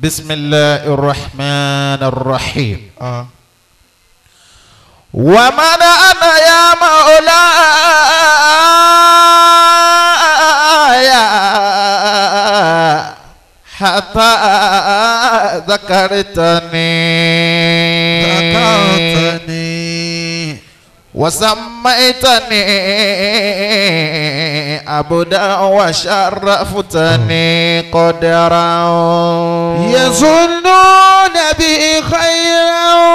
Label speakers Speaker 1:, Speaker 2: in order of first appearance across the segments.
Speaker 1: بسم الله الرحمن الرحيم آه. ومن أنا يا مولاي حتى ذكرتني ذكرتني وسم سميتني عبدا وشرفتني قدرا يظنون بي خيرا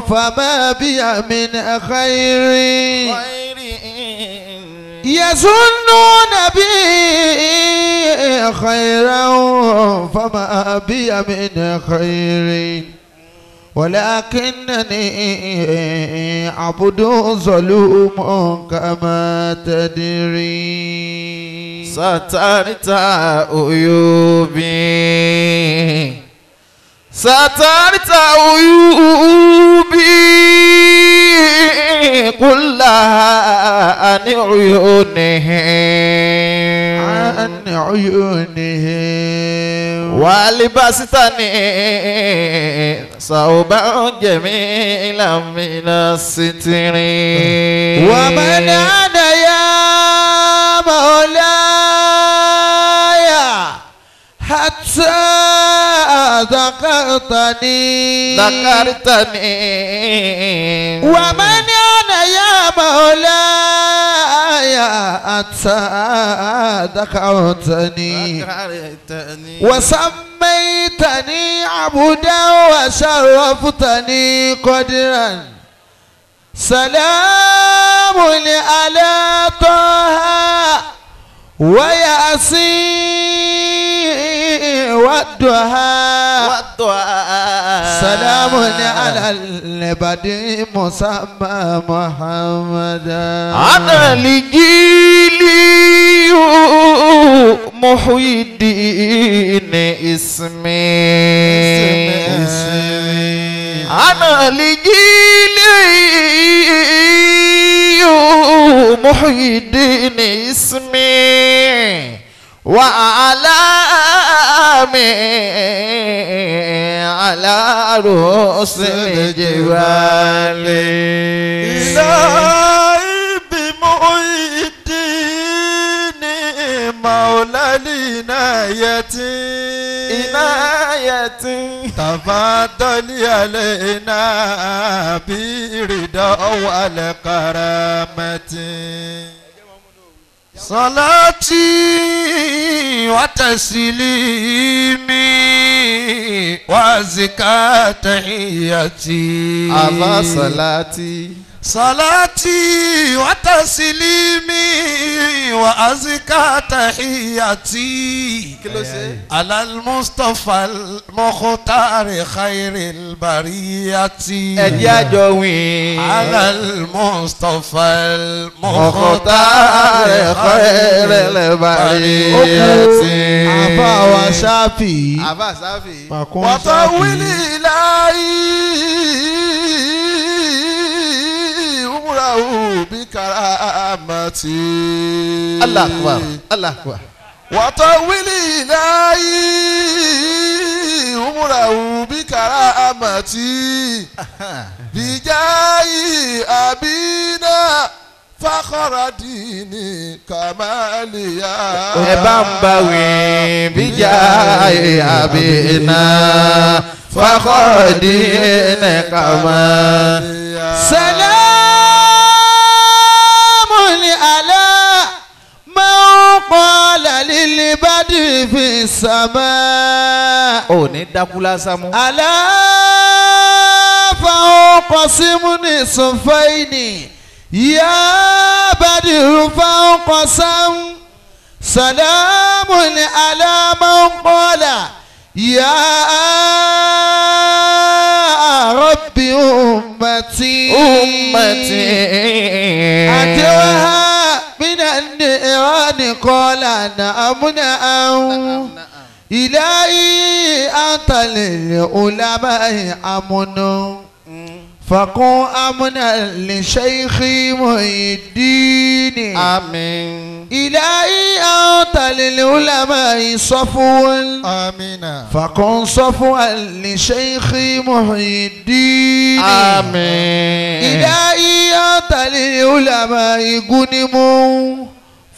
Speaker 1: فما بي من خير يظنون بي خيرا فما بي من خير ولكنني عبد ظلوم كما تدري سترت عيوبي سترت عيوبي كلها عن عيونهم عن عيونهم ولبستني صوبا جميلا من الستر ومن أنا يا مولاي حتى ذكرتني ذكرتني ومن أنا يا مولاي حتى ذكرتني وسميتني عبدا وشرفتني قدرا سلام على طه وياسين والدعاء سلام على البدي مسمى محمد أنا لجيلي محي الدين اسمي أنا لجيلي محي الدين اسمي وعلى mi alárò sílẹ̀ jẹ́ wálé. ilé ibi mú ìdí ní màólálì náà yẹ tí. iná yẹ tí. tàfádọ́lì alẹ́ iná bí ìrìndọ́ wà lẹ́kọ̀ọ́rẹ́ mẹ́tì. صلاتي وتسليمي وأزكى تحيتي أبا صلاتي صلاتي وتسليمي وأزكى تحياتي على المصطفى المختار خير البرية على المصطفى المختار خير البرية أبا وشافي أبا شافي وطول إلهي farahu bi karamati. Allah akbar Allah akbar. wàtọ́wìlì umura umurahu bi karamati. bijayi abina fakọrọdìní kamaliya. ẹ bá ń bá wí bíjà àbínà fakọrọdìní kàmáàlìyà. fi sàmà. ò ní dákú lásán mú. aláfa ó kọ símú ní sọfẹ́ẹ̀nì yá bàdì rúfa kọ sáwọn sàlámù ní aláma ó kọ́lá yá rọ́bì ummati. ummati. àti wàhálà. من النيران قال نعم نعم إلهي أنت للعلماء أمن فقو أمنا لشيخي محي الدين آمين إلهي أنت للعلماء صفوا آمين فقل صفوا لشيخي محي الدين آمين إلهي علي ولا للعلماء غنموا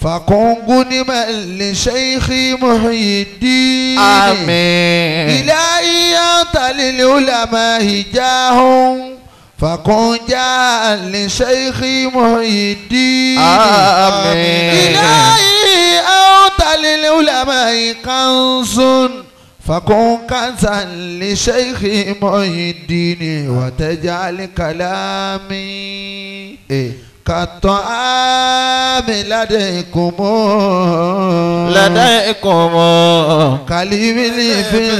Speaker 1: فكن غنما لشيخي محي الدين آمين إلهي أعطى للعلماء هجاهم فكن جاء لشيخي محي الدين آمين إلهي أعطى للعلماء كنز كنزا لشيخ محي الدين وتجعل كلامي كالطعام لديكم لديكم كالإبل في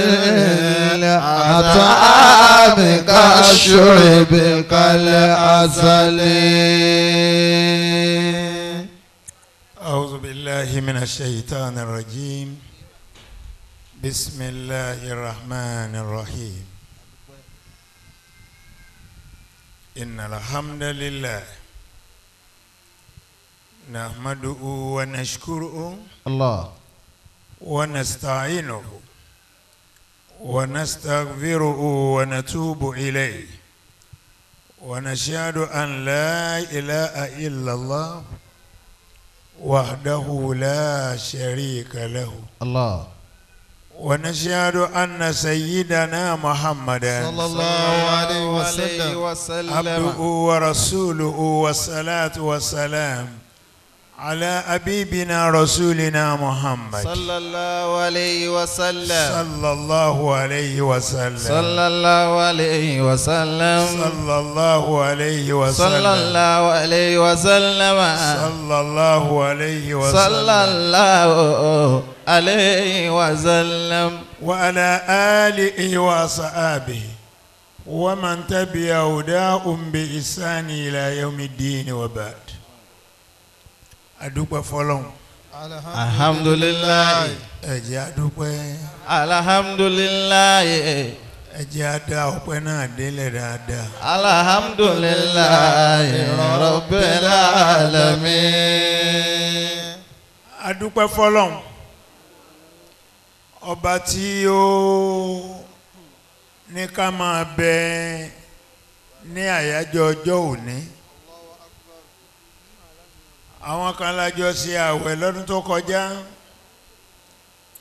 Speaker 1: الطعام كالشعب
Speaker 2: كالعسل أعوذ بالله من الشيطان الرجيم بسم الله الرحمن الرحيم إن الحمد لله نحمده ونشكره الله ونستعينه ونستغفره ونتوب إليه ونشهد أن لا إله إلا الله وحده لا شريك له الله ونشهد أن سيدنا محمد صلى الله عليه
Speaker 1: وسلم عبده
Speaker 2: ورسوله والصلاة والسلام على أبيبنا رسولنا محمد صلى
Speaker 1: الله عليه وسلم صلى
Speaker 2: الله عليه وسلم صلى الله عليه وسلم صلى الله عليه وسلم صلى الله عليه وسلم صلى الله عليه وسلم صلى الله عليه وسلم وعلى آله وصحابه ومن تبع هداهم بإحسان إلى يوم الدين وبعد أدوب فلون alhamdulilayi ẹ jẹ́ a dúpẹ́. alhamdulilayi ẹ jẹ́ a dá ọpẹ́ náà délẹ̀ dáadáa. alhamdulilayi rabbil alamin. a dúpẹ́ ọba tí ó ní ká máa bẹ ní àyájọ́ ọjọ́ òní àwọn kan lájọ ṣe àwẹ̀ lọ́dún tó kọjá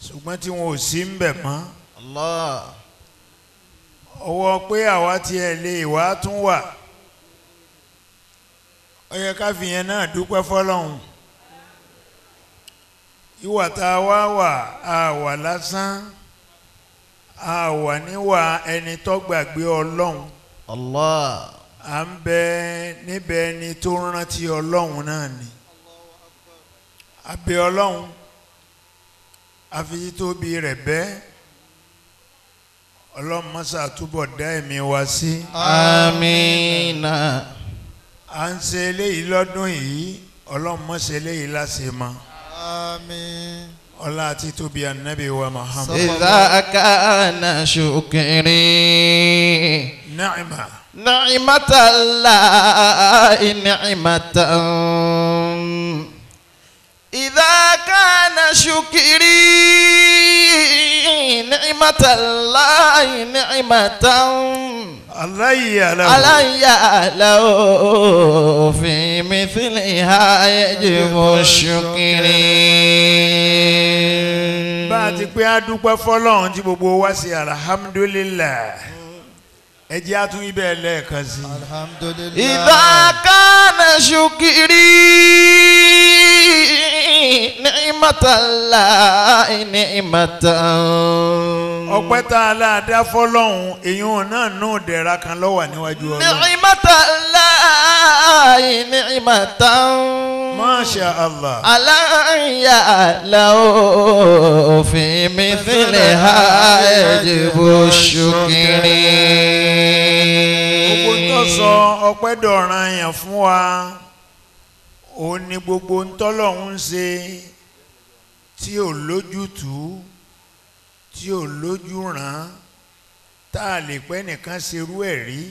Speaker 2: ṣùgbọ́n tí wọn ò sí ń bẹ̀ mọ́ Allah ọwọ́ pé àwa tiẹ̀ lè wá tún wà ó yẹ ká fìyẹn náà dúpẹ́ fọlọ́hún ìwà tá a wá wà a wà lásán a wà níwà ẹni tó gbàgbé ọlọ́run. Allah. à ń bẹ níbẹ̀ ẹni tó rántí ọlọ́run náà ni. abẹ́ ọlọ́run àfitóbi rẹ̀ bẹ́ẹ̀ ọlọ́run mọ́sá túbọ̀ dá ẹ̀mí wa sí. amina. à ń ṣe eléyìí lọ́dún yìí ọlọ́run mọ́sá eléyìí láṣẹ mọ́ àmín. ọlá àti tóbi anabi wa muhammad. idha
Speaker 1: kana shukiri. na'ima. na'imata Allahi na'imatan. idha kana shukiri. na'imata Allahi na'imatan aláyàlá aláyàlá òfin mithili ayéjì mo
Speaker 2: ṣùkìrì. bá a ti pé a dúpẹ́ fọlọ́run tí gbogbo wa sí alhamdulillah ẹ jẹ́ àtún ibẹ̀ lẹ́ẹ̀kan sí. alhamdulillah. idha kana shukri
Speaker 1: ni'matallahi
Speaker 2: ni'matan. ọpẹ́ tá a la dá fọlọ́hún èèyàn náà nù dẹ̀ra kan lọ́wọ́ níwájú ọlọ́run.
Speaker 1: ni'matallahi ni'matan.
Speaker 2: masha allah.
Speaker 1: aláǹyà làwọn fi mi sílẹ̀ ha ẹ̀jẹ̀ bó ṣùkìrì gbogbo tó sọ
Speaker 2: ọpẹ́ dọ̀ràn yẹn fún wa òun ni gbogbo ntọ́lọ́hún ṣe tí ò lójútùú tí ò lójú ràn tá a lè pẹ́ nìkan ṣerú ẹ̀ rí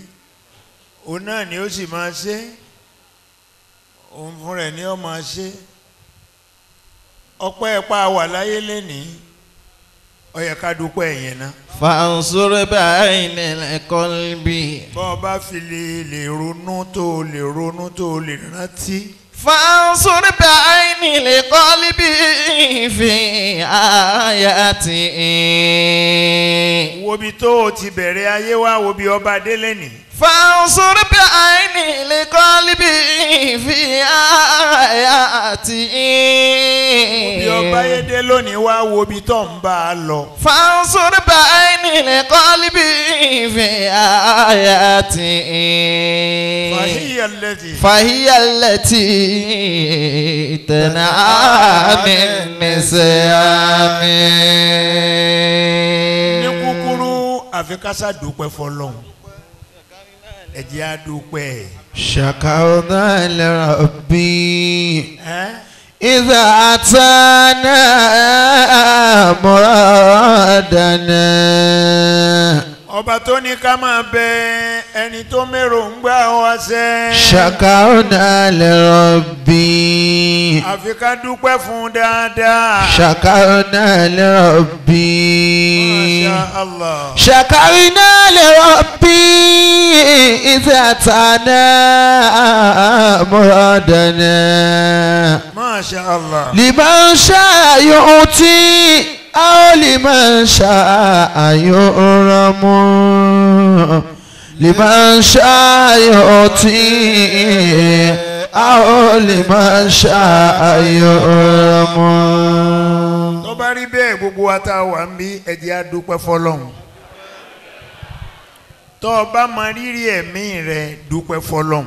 Speaker 2: òun náà ni ó sì máa ṣe òun fúnra ẹ̀ ni ó máa ṣe ọpẹ́ ẹ̀ wà láyé lénìí ó yẹ ká dúpẹ́ ẹ̀yẹn ná. fàǹsọ̀rọ̀ báyìí nílẹ̀ kọ́lbí. bọ́ ọ bá fi lè lè ronú tó lè ronú tó lè rántí.
Speaker 1: fàǹsọ̀rọ̀ báyìí
Speaker 2: kọ́lbí fi àyà tì í. wo bí tó o ti bẹ̀rẹ̀ ayé wá wo bí ọba délé nìí. فانصر
Speaker 1: بعيني لقلبي في آياتي.
Speaker 2: òbí ọba yédè lónìí wá wo ibi tó ń bá a lọ. فانصر بعيني لقلبي في آياتي.
Speaker 1: فهي التي. فهي التي تنعى من
Speaker 2: نسيامي. ní kúkúrú àfi kásá ẹ jẹ́ á dúpẹ́.
Speaker 1: ṣàkàwọ́dà lẹ́rọ̀ bí. إذا أتانا مرادنا
Speaker 2: ọba tó ní ká máa bẹ ẹni tó mérò ń gbà wá sẹ́. ṣàkàrọ̀dà
Speaker 1: lè rọ̀bì.
Speaker 2: àfi ká dúpẹ́ fún dáadáa.
Speaker 1: ṣàkàrọ̀dà lè rọ̀bì. Masha Allah. ṣàkàrọ̀dà lè rọ̀bì ìṣe àtàná mọ̀ọ́dọ̀nà. Masha Allah. lè máa ń ṣàyọ̀ ọtí. أو لمن شاء يؤرم لمن شاء يؤتي أو لمن شاء
Speaker 2: يؤرم tó bá rí bẹ́ẹ̀ gbogbo wa tá a wà ń bí ẹ jẹ́ á dúpẹ́ fọlọ́hún tó o bá mọ rírì ẹ̀mí rẹ dúpẹ́ fọlọ́hún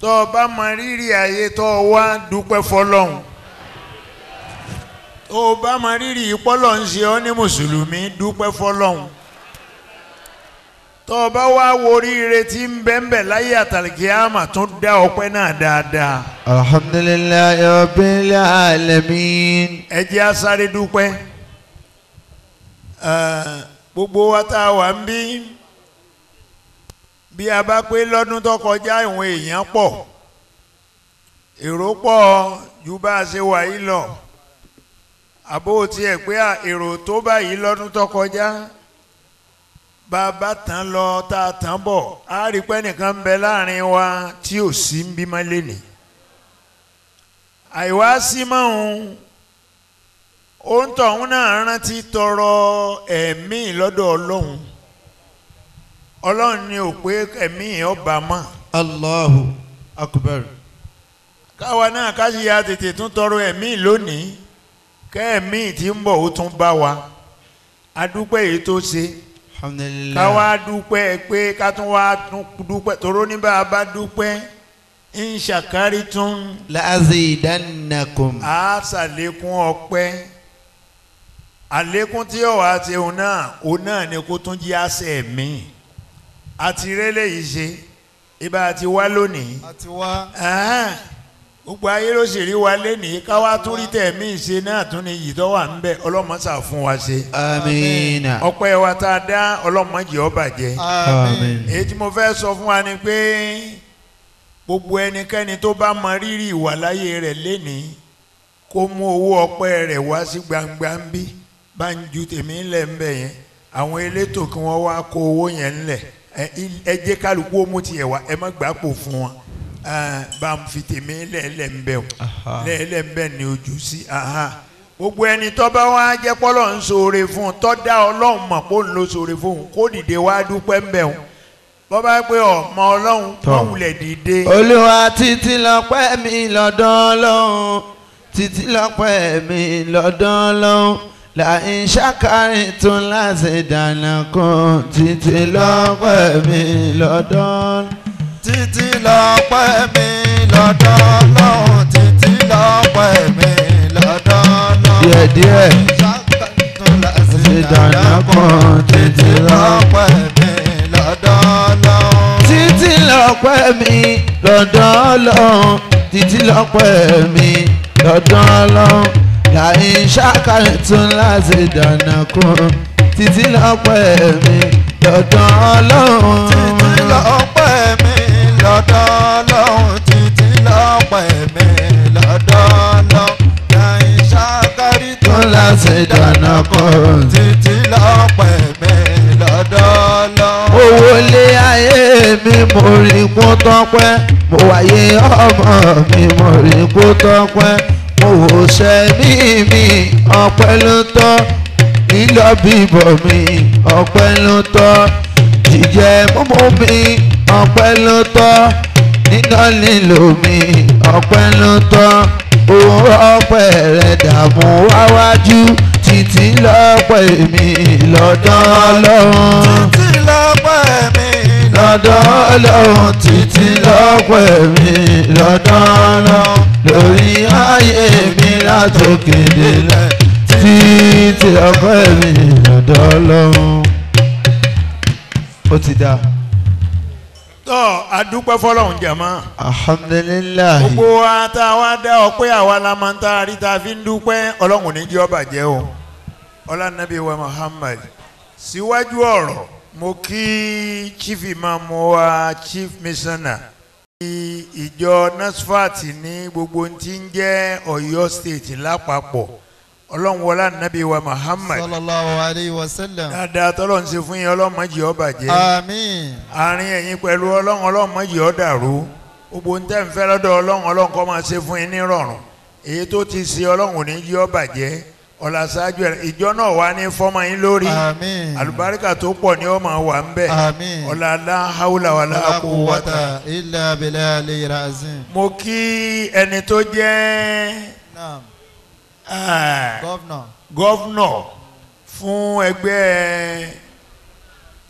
Speaker 2: tó o bá mọ rírì ayé tó o wá dúpẹ́ fọlọ́hún. tó bá máa rírì ìpọ́lọ̀ ń ṣe ọ́ ní mùsùlùmí dúpẹ́ fọlọ́hún tó o bá wá tí ń bẹ́ńbẹ̀ láyé àmà tún dá ọpẹ́ náà dáadáa. alhamdulilayi rabbil ẹ jẹ́ gbogbo wa tá a wà ń bí bí a bá pé lọ́dún tó kọjá ìwọ̀n èèyàn pọ̀ èrò pọ̀ a ṣe wà yìí lọ. àbó tiẹ̀ pé èrò tó báyìí lọ́dún tó kọjá bàbá tán lọ tá a tán bọ̀ á rí pé nìkan bẹ láàrin wa tí ò sí ń bímọ lẹ́nì àìwá sí mọ́hún òun tọ̀hún náà rántí tọrọ ẹ̀mí lọ́dọ̀ ọlọ́hun ọlọ́run ni ò pé ẹ̀mí ọba mọ́. káwa náà kẹ́ẹ̀mí tí ń bọ̀ ó tún bá wa adúpẹ́ èyí tó ṣe ká wá dúpẹ́ pé ká tún wá dúpẹ́ toró ní bá a bá dúpẹ́ ń ṣàkárí tún. láàzì ìdánilẹ́kùn. a ṣàlékún ọpẹ́ àlékún tí ọ̀wá ti òun náà òun náà ni kó tún jí àṣẹ mi àti rẹ́lẹ̀ yìí ṣe ibà àti wá lónìí. àti wá. gbogbo ayé ló sì rí wa lénìí káwá tó rí tẹ̀mí ìṣe náà tún ni yìí tó wà ń bẹ ọlọ́mọṣà fún wa ṣe. amiina. ọpẹ́ wa tá a dá ọlọ́mọjì ó bàjẹ́. amiin. èyí tí mo fẹ́ sọ fún wa ni pé gbogbo ẹnikẹ́ni tó bá mọ rírì ìwà láyé rẹ̀ lénìí kó mú owó ọpẹ́ rẹ̀ wá sí gbangba ń bí bá ń ju tèmi ńlẹ̀ ń bẹ̀ yẹn àwọn elétò kí wọ́n wá kó owó yẹn ńlẹ̀ ẹ jẹ́ kálukú ó mú tiẹ̀ wá ẹ má gbàpò fún wọn. bá ń fi tèmi lẹ́ẹ̀lẹ́ o lẹ́ẹ̀lẹ́ ni ojú sí gbogbo ẹni tó bá wá jẹ́ pọ́lọ́ ń ṣoore fún un tó ọlọ́run mọ̀ kó ń lo ṣoore fún un kó dìde wá dúpẹ́ ń bẹ̀ o bọ́ bá pé ọmọ ọlọ́run tó wulẹ̀ dìde. olúwa títí lọ́pẹ́ mi lọ́dọ̀
Speaker 1: ọlọ́run títí lọ́pẹ́ mi lọ́dọ̀ ọlọ́run láì ṣàkárí tún láti dànù kún títí lọ́pẹ́ mi lọ́dọ̀ ọlọ́run títí lọ́pẹ́ mi lọ́dọ̀ Ọlọ́run títí lọ́pẹ́ mi lọ́dọ̀ Ọlọ́run. díẹ̀ díẹ̀ ṣe dáná kan títí lọ́pẹ́ mi lọ́dọ̀ Ọlọ́run. títí lọ́pẹ́ mi lọ́dọ̀ Titi títí lọ́pẹ́ mi lọ́dọ̀ Ọlọ́run. láì ṣàkàrẹ̀ tún láti dáná kan títí lọ́pẹ́ mi lọ́dọ̀ Ọlọ́run. títí lọ́pẹ́ mi lọ́dọ̀ lọ́hùn títí lọ́pọ̀ ẹ̀mí lọ́dọ̀ lọ́hùn yẹn ṣàkárí tó láṣẹ dáná kọ́ títí lọ́pọ̀ ẹ̀mí lọ́dọ̀ lọ́hùn. owó lé ayé mi mo rí kó tọ́pẹ́ mo wáyé ọmọ mi mo rí kó tọ́pẹ́ mo wò sẹ́mi mi ọpẹ́ ló tọ́ lílọ bíbọ̀ mi ọpẹ́ ló tọ́ jíjẹ mímu mi ọpẹ́ ló tọ́ nínú lílo mi ọpẹ́ ló tọ́ òun ọpẹ́ rẹ̀ dààmú wáwájú títí lọ́pẹ́ mi lọ́dọ̀ ọlọ́run títí lọ́pẹ́ mi lọ́dọ̀ ọlọ́run títí lọ́pẹ́ mi lọ́dọ̀ ọlọ́run lórí ayé mi látòkè délẹ̀ títí ọpẹ́ mi lọ́dọ̀ ọlọ́run ó ti dáa.
Speaker 2: tọ́ adúpẹ́ fọlọ́run jẹ̀mọ́. alhamdulilayi. gbogbo wa tá a wá àwa la máa ń tá a rí fi ń dúpẹ́ ọlọ́run ní jẹ́ ọba jẹ́ o ọlànàbí wa muhammad síwájú ọ̀rọ̀ mo kí chief imam wa chief missioner ìjọ nasfat ní gbogbo tí ń jẹ́ ọ̀yọ́ state lápapọ̀. ọlọ́run wọlá nàbí wa muhammad sallallahu alayhi wa sallam dáadáa tọ́lọ́run ṣe fún yín ọlọ́run má jẹ́ ó bàjẹ́ àmín àárín ẹ̀yin pẹ̀lú ọlọ́run ọlọ́run má jẹ́ ó dàrú gbogbo ń tẹ́ ń fẹ́ lọ́dọ̀ ọlọ́run ọlọ́run kó máa ṣe fún yín nírọ̀rùn èyí tó ti ṣe ọlọ́run ò ní jẹ́ ó bàjẹ́ ọ̀la ṣáájú ẹ̀ ìjọ náà wà ní fọ́mọ yín lórí àmín àlùbáríkà tó pọ̀ ní ọmọ wa ń bẹ̀ àmín ọ̀la la wà la kú wata ilà abilà lè ra azim. mo kí ẹni tó jẹ́ Ah. gọ́vnọ̀ fún ẹgbẹ́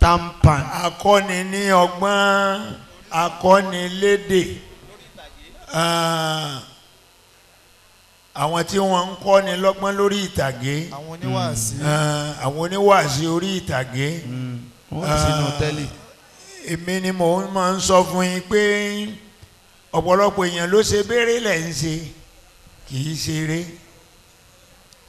Speaker 2: tampan akọ́ni ní ọgbọ́n akọ́ni lédè ah. àwọn tí wọ́n ń kọ́ni lọ́gbọ́n lórí ìtàgé àwọn oníwàásí hmm. ah, orí ìtàgé hmm. èmi ni mò ń máa ń sọ fún yín pé ọ̀pọ̀lọpọ̀ èèyàn ló ṣe béèrè lẹ̀ ṣe kì í ṣeré.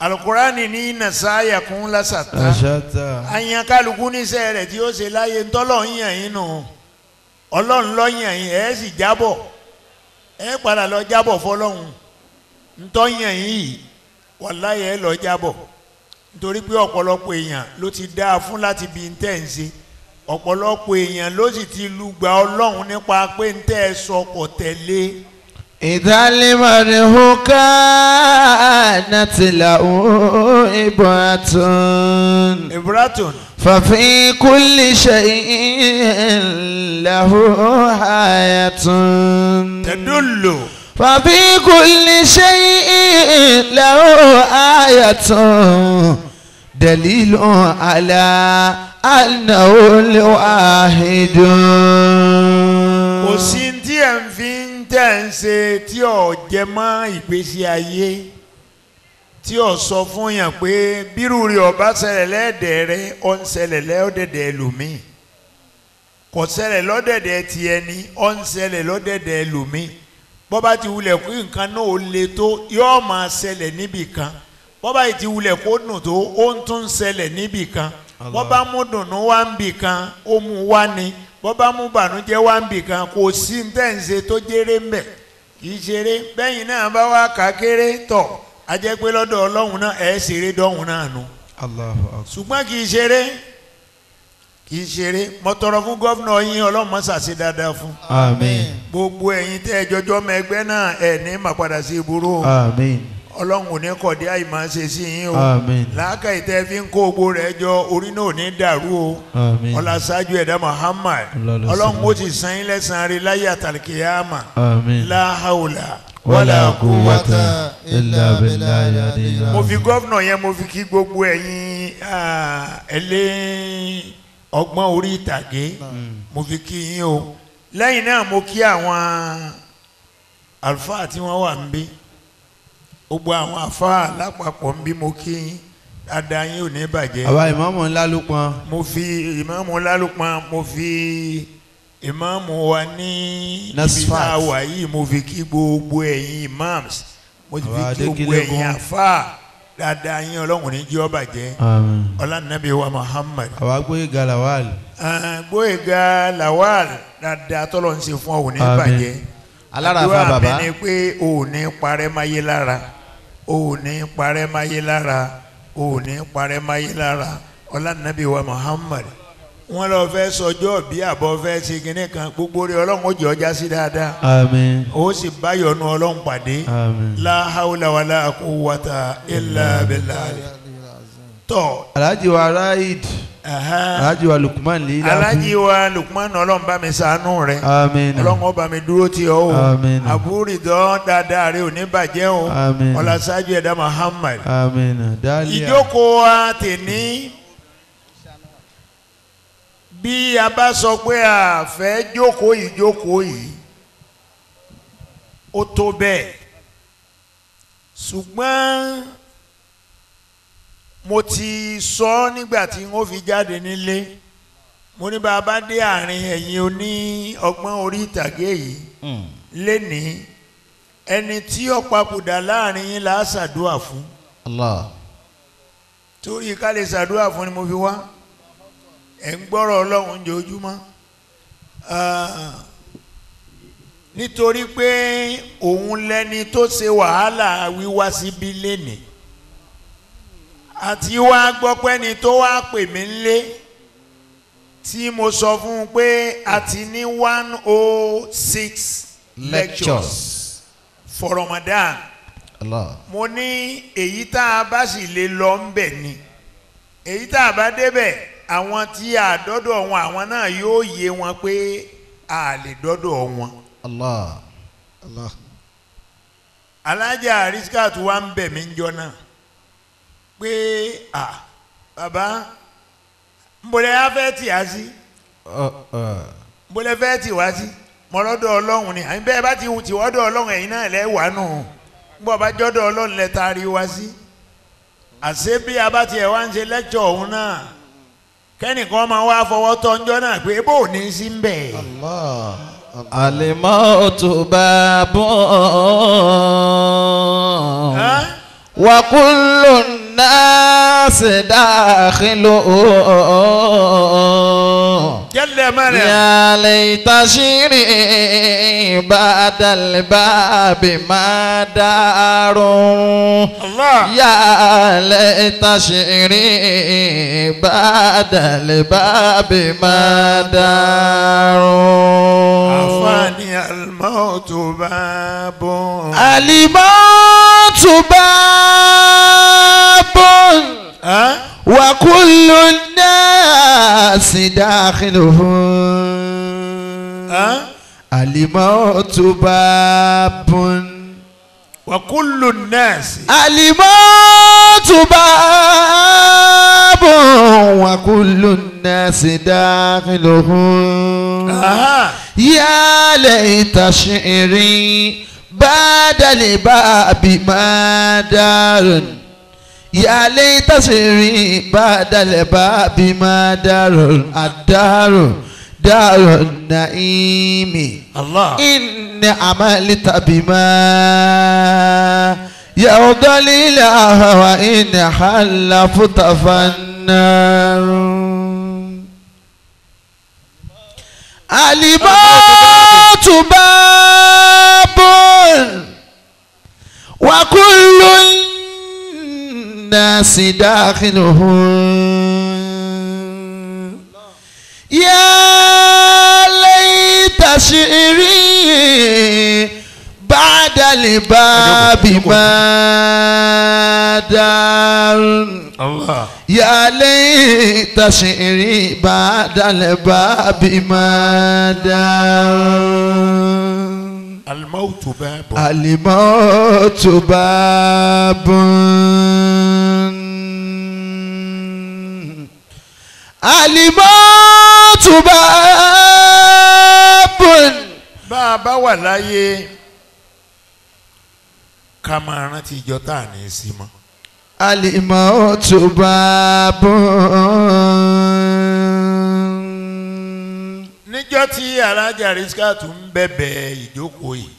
Speaker 2: alukurani ni nasaya kun lasata ayankaluku níṣẹ́ rẹ̀ tí ó ṣe láyé ntọ́lọ̀ ń yín nù lo ló yàn yín ẹ̀ jábọ̀ ẹ̀ lo jabo jábọ̀ fọlọ́run ntọ́ yàn yín yìí wàláyé ẹ̀ lọ jábọ̀ ọ̀pọ̀lọpọ̀ ti dáa fún láti bi ntẹ́ ọ̀pọ̀lọpọ̀ èèyàn ti lugba olohun nipa pe nte إذا هو
Speaker 1: كانت له إبراتون إبراتون ففي كل شيء له حياة
Speaker 2: تدل
Speaker 1: ففي كل شيء له آية دليل على
Speaker 2: أنه
Speaker 1: الواحد.
Speaker 2: kò sí tí tẹ́ ń ṣe tí ò jẹ mọ́ ìgbésí ayé tí ò sọ fún yàn pé bírú rẹ̀ ọba ṣẹlẹ̀ lẹ́ẹ̀dẹ̀ rẹ ọ ń ṣẹlẹ̀ lọ́dẹ̀dẹ̀ lòmíì kò ṣẹlẹ̀ lọ́dẹ̀dẹ̀ tiẹ̀ ni ọ ń ṣẹlẹ̀ lọ́dẹ̀dẹ̀ lòmíì bọ́ba ti wulẹ̀ kó nǹkan náà ó le tó yóò máa ṣẹlẹ̀ níbì kan bọ́ba ti wulẹ̀ kó dùn tó ó ń tún ṣẹlẹ̀ níbì kan bọ́ba mú dùnú wá ń bì kan ó mú wá ni. bó bá mú bànújẹ́ wá ń bì kan kò sí ntẹ́ǹse tó jèrè ń bẹ̀ ṣeré bẹ́yìn náà bá wá kà kéré tọ̀ jẹ́ pé lọ́dọ̀ ọlọ́run náà ẹ̀ ṣeré dọ́hun náà nu. ṣùgbọ́n kì í ṣeré ṣeré tọrọ fún yín ọlọ́run fún. gbogbo ẹ̀yin tẹ́ ẹ jọjọ́ mọ ẹgbẹ́ náà ẹ̀ ní màpadà sí ọlọ́run ò ní kọ̀dé àìmọ̀ ṣe sí yín o làákà ìtẹ́ fi ń kó ogbó rẹ̀ jọ orí náà ò ní dàrú o ọlá ṣáájú ẹ̀dá Muhammad ọlọ́run ó ti san yín lẹ́sàn-án rí láyé àtàlìkìyàmà láhàùlà wàlà kúwàtà
Speaker 1: ilà bẹ̀là yàrá ìlà. mo fi
Speaker 2: gọ́vnà yẹn mo fi kí gbogbo ẹ̀yin ẹlẹ́ ọgbọ́n orí ìtàgé mo fi kí yín o lẹ́yìn náà mo kí àwọn àlùfáà tí wọ́n wà ń bí gbogbo àwọn àfáà lápapọ̀ ń bí mo kí yín dáadáa yín ò ní bàjẹ́. àbá ìmáàmù Lálùpọ̀n. mo fi ìmáàmù Lálùpọ̀n mo fi ìmáàmù wa ní ibi tá a wà yìí mo fi kí gbogbo ẹ̀yin imams mo ti fi kí gbogbo ẹ̀yin àfáà dáadáa yín ọlọ́run ní jẹ́ ọba jẹ́ ọlànàbí wa muhammad. àwa gbóyèga lawal. gbóyèga lawal dáadáa tọ́lọ̀ ń ṣe fún ọ ò ní bàjẹ́. alára fa bàbá àdúrà mi ni pé o ò ní parẹ́ máyé lára ò ní parẹ́ máyé lára ò ní parẹ́ máyé lára ọlànàbí wa Muhammad wọn lọ fẹ́ sọjọ́ bí àbọ fẹ́ ṣe kinní kan gbogbo rẹ̀ Ọlọ́run ó jẹ ọjà sí dáadáa àmín ó sì báyọnu Ọlọ́run pàdé àmín la hawla wala quwwata illa billah tọ. alhaji wa raid. Right alhaji wa lukman lè fún. alhaji wa lukman ọlọ́run bá mi ṣàánú rẹ̀. àmín. ọlọ́run bá mi dúró tì ọ́ o. Aburi àbúrìdọ́ dáadáa rẹ ò ní bàjẹ́ o. àmín. ọlọ́sájú ẹ̀dá muhammad.
Speaker 1: àmín. dálíà.
Speaker 2: ìjókòó wa tèmi bí a bá sọ pé a fẹ́ jókòó yìí jókòó yìí ó tó bẹ́ẹ̀ ṣùgbọ́n mo ti sọ ọ́ nígbà tí n ó fi jáde nílé mo ní bá a bá dé àárín ẹ̀yin oní ọgbọ́n orí ìtàgé yìí hmm. lénìí ẹni tí ó láàrin yín là ṣàdúrà fún torí ká lè ṣàdúrà fún ni mo fi wá ẹ̀ ń gbọ́rọ̀ ọlọ́run ojoojúmọ́ nítorí pé òun lẹni tó ṣe wàhálà wíwá síbí lénìí àti wá gbọ́ pé ẹni tó wá pè mí lé tí mo sọ fún un pé a ti ní one oh six lectures for Ramadan Allah. mo ní èyí tá a bá sì lè lọ ń bẹ̀ ni èyí tá a bá débẹ̀ àwọn tí a dọ́dọ̀ wọn àwọn náà yóò yé wọn pé a lè dọ́dọ̀ wọn. Allah. Allah. alájà àrísíkà tó wá ń bẹ̀ mí jọ náà. pé à bàbá mbọlẹ yà fẹ́ tì sí mbọlẹ fẹ́ tì wá sí mọlọ́dọ̀ ọlọ́run ni àyìn bá ti ọlọ́run ẹ̀yin náà lẹ́ wà nù gbọ́ bá jọ́dọ̀ taari wá sí bí a bá wá ń ṣe ọ̀hún náà kẹ́nìkan máa wá fọwọ́ náà pé bó o ní sí
Speaker 1: àlèmọ́ الناس داخلون يا يا ليت شيري بعد الباب ما داروا الله يا ليت شيري بعد الباب ما داروا عفاني
Speaker 2: الموت باب الموت
Speaker 1: باب وكل الناس داخله الموت باب وكل الناس الموت باب وكل الناس داخله يا ليت شعري بعد الباب ما دار yàlẹ́ tàṣírí bá dalẹ̀ bá bí máa dàrọ̀ àdàrọ̀ dàrọ̀ nàìmí. ìní àmàlẹ́ tàbí máa yàwó dọ́lí ilẹ̀ àhàwà ìní àhàlà fútàfà nàárọ̀. àlìmọ́tò bá bọ́ọ̀lù wàkúlù. الناس داخلهم يا ليت شعري بعد الباب ما دار الله يا ليت شعري بعد الباب ما دار
Speaker 2: alimawutu bẹ́ẹ̀
Speaker 1: bọ̀. alimawutu bẹ́ẹ̀ bọ̀.
Speaker 2: alimawutu bẹ́ẹ̀ bọ̀. bá a bá wà láyé ká máa rántí tá à ní í sí mọ́.
Speaker 1: alimawutu bẹ́ẹ̀ bọ̀.
Speaker 2: níjọ́ tí alájà rísíkà tún ń bẹ̀bẹ̀ ìjókòó yìí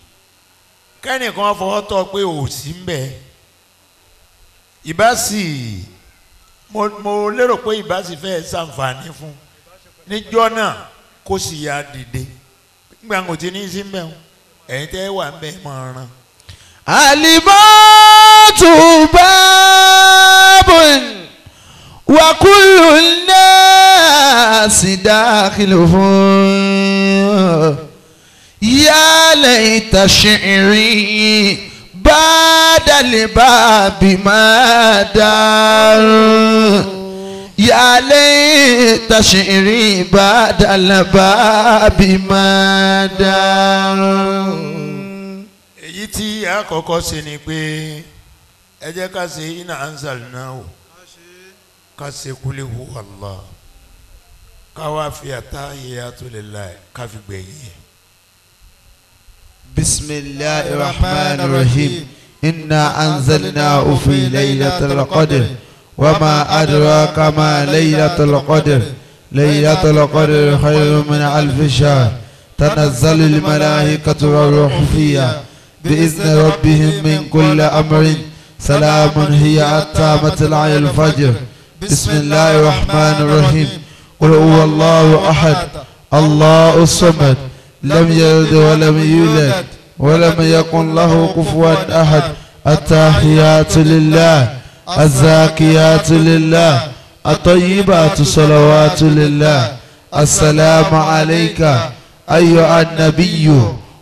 Speaker 2: kẹ́nìkan fọwọ́ tọ́ pé ò sí ń bẹ̀ ìbá mo lérò pé ìbá fẹ́ ṣàǹfààní fún níjọ́ náà kó sì yá dìde nígbà kò ti ní sí ń bẹ̀ ẹ̀yin tẹ́ wà ń bẹ̀ mọ̀ ọ̀ràn. àlìbọ́tù báàbùn wàkúlù
Speaker 1: náà. الناس داخلهم يا ليت شعري بعد الباب ما دار يا ليت شعري بعد الباب ما
Speaker 2: دار èyí tí a kọ́kọ́ ṣe ni pé ẹ jẹ́ ká ṣe iná ansal náà o ká ṣe kúlẹ̀ hu Allah káwá fi ata yíya tó lè la káfi gbẹ̀yìn. bisimilahi
Speaker 1: rahman rahim inna anzalna ufi laylatul qadr wama adraka ma laylatul qadr laylatul qadr khayrun min alfi shahr تنزل الملائكة والروح فيها بإذن ربهم من كل أمر سلام هي حتى مطلع الفجر بسم الله الرحمن الرحيم قل هو الله أحد الله الصمد لم يلد ولم يولد ولم يكن له كفوا أحد التحيات لله الزاكيات لله الطيبات صلوات لله السلام عليك أيها النبي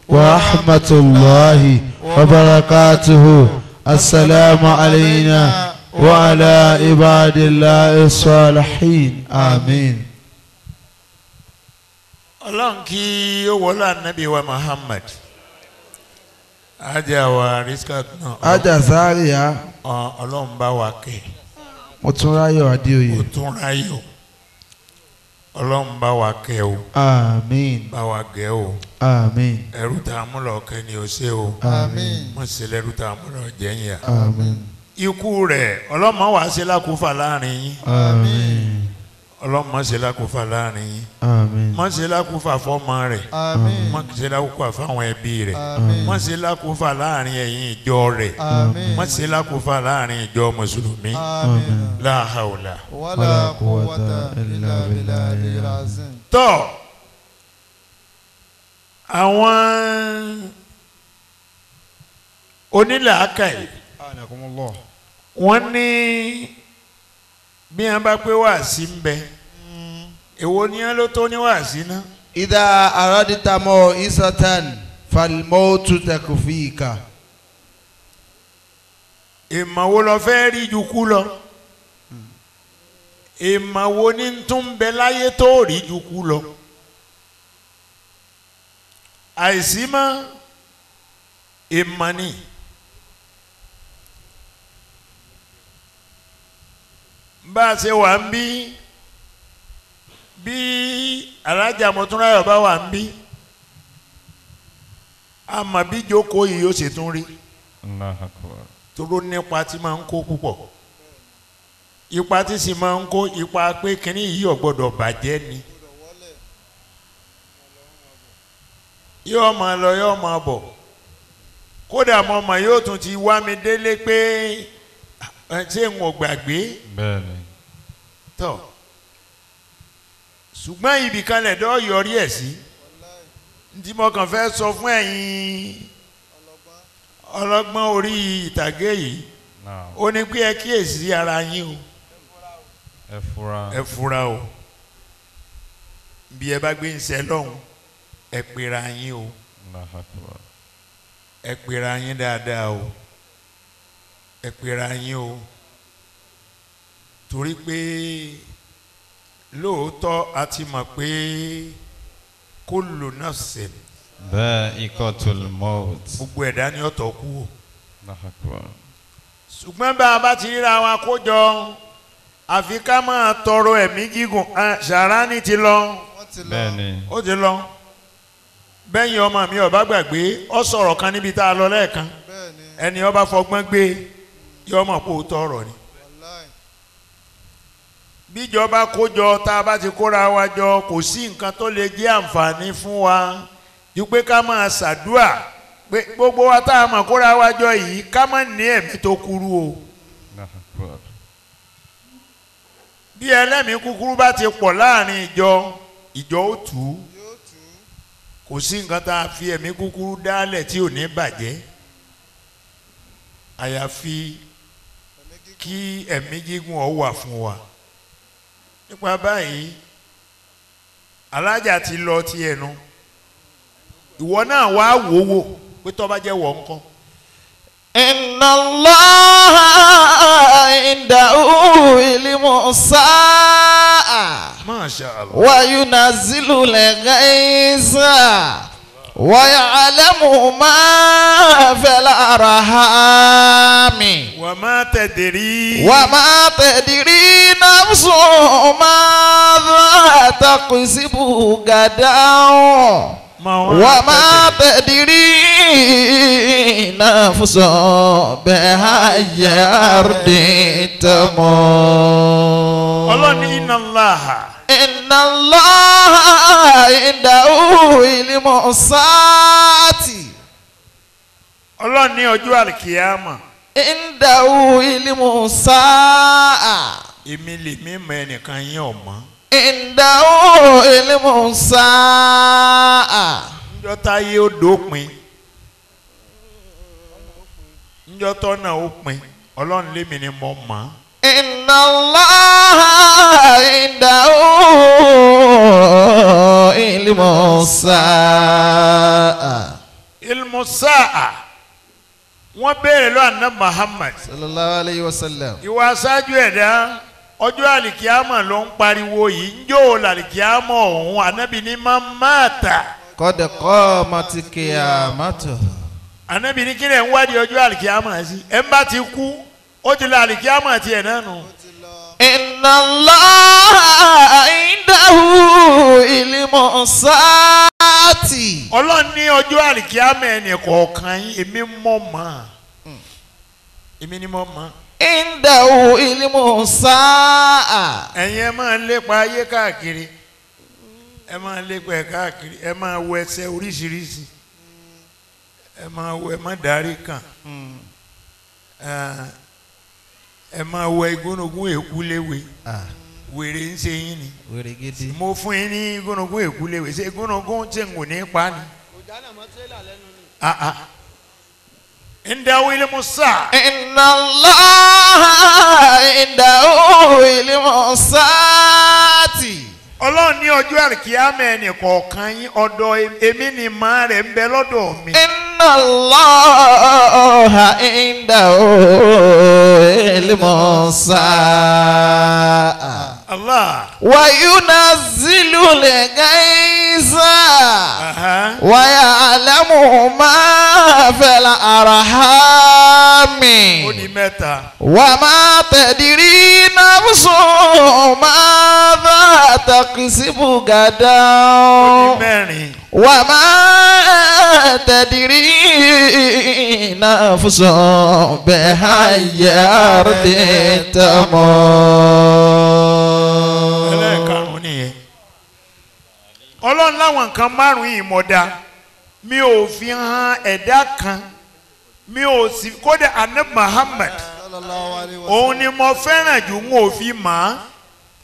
Speaker 1: ورحمة الله وبركاته السلام علينا وعلى عباد الله الصالحين آمين
Speaker 2: ọlọ́run kí ó wa Muhammad ajá wa Rizqat náà. ajá sáré ya. ọlọ́run wa kẹ́.
Speaker 1: mo tún ráyọ̀ adéoyè. mo tún
Speaker 2: ráyọ̀ ọlọ́run bá wa kẹ́ o. àmín. bá wa gẹ́ o. àmín. ẹrú tá a o ṣe o. àmín. mo sì lẹ́rú tá a mú lọ jẹ́ yẹn. ikú rẹ̀ ọlọ́mọ wàá ṣe lákùúfà láàrin yín.
Speaker 1: àmín. àmín
Speaker 2: ọlọ́run má ṣe lákòófà láàrin yín má ṣe lákòófà fọ́mọ rẹ̀ má ṣe lákòófà fáwọn ẹbí rẹ̀ má ṣe lákòófà láàrin ẹ̀yin ìjọ rẹ̀ má ṣe lákòófà láàrin ìjọ mùsùlùmí la hawla
Speaker 1: wala quwwata illa billahil azim.
Speaker 2: tọ́ àwọn onílàákàyè wọ́n ní bí wọn bá pé wáàsí ń bẹ èwo ni wọn ló tó ní wáàsí náà. ìdá àròdìtàmọ́ isatan falimọ́tù takùfíìkà. ìmọ̀ wo lọ fẹ́ rí ju kú lọ ìmọ̀ wo ni tún bẹ láyé tó rí ju kú lọ àìsí mọ́ ìmọ̀ ni. Mm. bá a ṣe wà ń bí bí alájà mọ̀túnráyọ̀ bá wà ń bí a mọ̀ bí jókòó yìí yóò ṣe tún rí toró nípa tí máa ń kó púpọ̀ ipa tí sì máa ń kó ipa pé kínní yìí ò gbọ́dọ̀ bàjẹ́ ni yóò máa lọ yóò máa bọ̀ kódà mọ́ ọmọ yóò tún ti wá mi délé pé ṣé n ò gbàgbé. bẹ́ẹ̀ ni tọ̀ ṣùgbọ́n ibì kan lẹ̀dọ́ yọrí ẹ̀ sí ntí mo kàn fẹ́ sọ fún ẹ̀yin ọlọ́gbọ́n orí ìtàgé yìí ó ní pé ẹ kíyèsí ara yín o ẹ fura ẹ fura o bí ẹ bá gbé ń sẹ lọ́hùn ẹ pera yín o ẹ pera yín dáadáa o ẹ pera yín o torí pé lóòótọ́ a ti mọ̀ pé kullu nafsin.
Speaker 1: ba'iqatul maut.
Speaker 2: gbogbo ẹ̀dá ni ọ̀tọ̀ kú o. ṣùgbọ́n bá a bá ti ríra wa kó jọ àfi ká máa tọrọ ẹ̀mí gígùn ṣàránì ti lọ. bẹ́ẹ̀ni. ó ti lọ bẹ́yìn ọmọ mi ọba gbàgbé ọ sọ̀rọ̀ kan níbi tá a lọ lẹ́ẹ̀kan ẹni ọba fọgbọ́n gbé yọmọ kó tọrọ ni bíjọba kójọ tá a bá ti kóra wa jọ kò sí nǹkan tó lè jẹ́ àǹfààní fún wa ju pé ká máa ṣàdúà pé gbogbo wa tá a máa kóra wa jọ yìí ká má ní ẹ̀mí tó kúrú o. bí ẹlẹ́mìí kúkúrú bá ti pọ̀ láàrin ìjọ ìjọ ó tù ú kò sí nǹkan tá a fi ẹ̀mí kúkúrú dálẹ̀ tí ò ní bàjẹ́ àyàfi kí ẹ̀mí gígùn ọ wà fún wa nípa báyìí alájà ti lọ ti ẹnu ìwọ náà wá wò wò pé tó bá jẹ́ wọ̀ ńkọ́. inna
Speaker 1: Allaha indahu ilmu sa'a.
Speaker 2: Masha Allah. wa
Speaker 1: yunazzilu al-ghayza. ويعلم ما في الأرحام
Speaker 2: وما تدري
Speaker 1: وما تدري نفس ماذا تكسب غدا وما تدري نفس بأي أرض تموت. الله إن الله إن الله عنده علم
Speaker 2: الساعة Ọlọ́run ní ọjọ́ àlìkìyàmà. Ìdáwó ìlímù sáà. Èmi lè mí mọ ẹnìkan yín ọ̀mọ́. Ìdáwó ìlímù sáà. Njọ́ táyé ó dópin. Njọ́ pin. إن الله عنده wọ́n béèrè lọ́wọ́ àná Muhammad sallallahu alayhi wa sallam ìwà ọjọ́ àlìkíámọ̀ ló pariwo yìí ń jó làlìkíámọ̀ ọ̀hún ànábì ní máa ti kíámọ̀ ti ku. ó la àlìkíámà tiẹ̀ náà nù. Inna Allaha indahu ilmu ní ọjọ́ àlìkíámà ẹnì kọ̀ọ̀kan yín èmi mọ̀ mọ́ èmi ni mọ̀
Speaker 1: indahu
Speaker 2: saa. lepa ayé káàkiri ẹ ẹ̀ káàkiri ẹ máa wọ ẹsẹ̀ oríṣiríṣi ẹ ẹ ẹ máa wọ igúnnugún èkúléwé wèrè ń yín ni mo fún yín ní ṣe tí n kò ní pa ni. ni. ndawo ilé musa. iná
Speaker 1: ndawo ilé
Speaker 2: musa tì. ọlọ́run ní ọjọ́ kọ̀ọ̀kan yín ọ̀dọ̀ èmi mi. ndawo.
Speaker 1: الموسى الله وينزل الغيث ويعلم ما في الأرحام وما تدري نفس ماذا تكسب غدا وما تدري نفس بأي أرض تموت ẹlẹ́ẹ̀karùn-ún
Speaker 2: nìyẹn ọlọ́run láwọn nǹkan márùn-ún yìí mọ̀ dá mi ò fi hàn ẹ̀dá kan mi ò sì kódà anabi Muhammad òun ni mo fẹ́ràn jù n ò fi mọ̀ á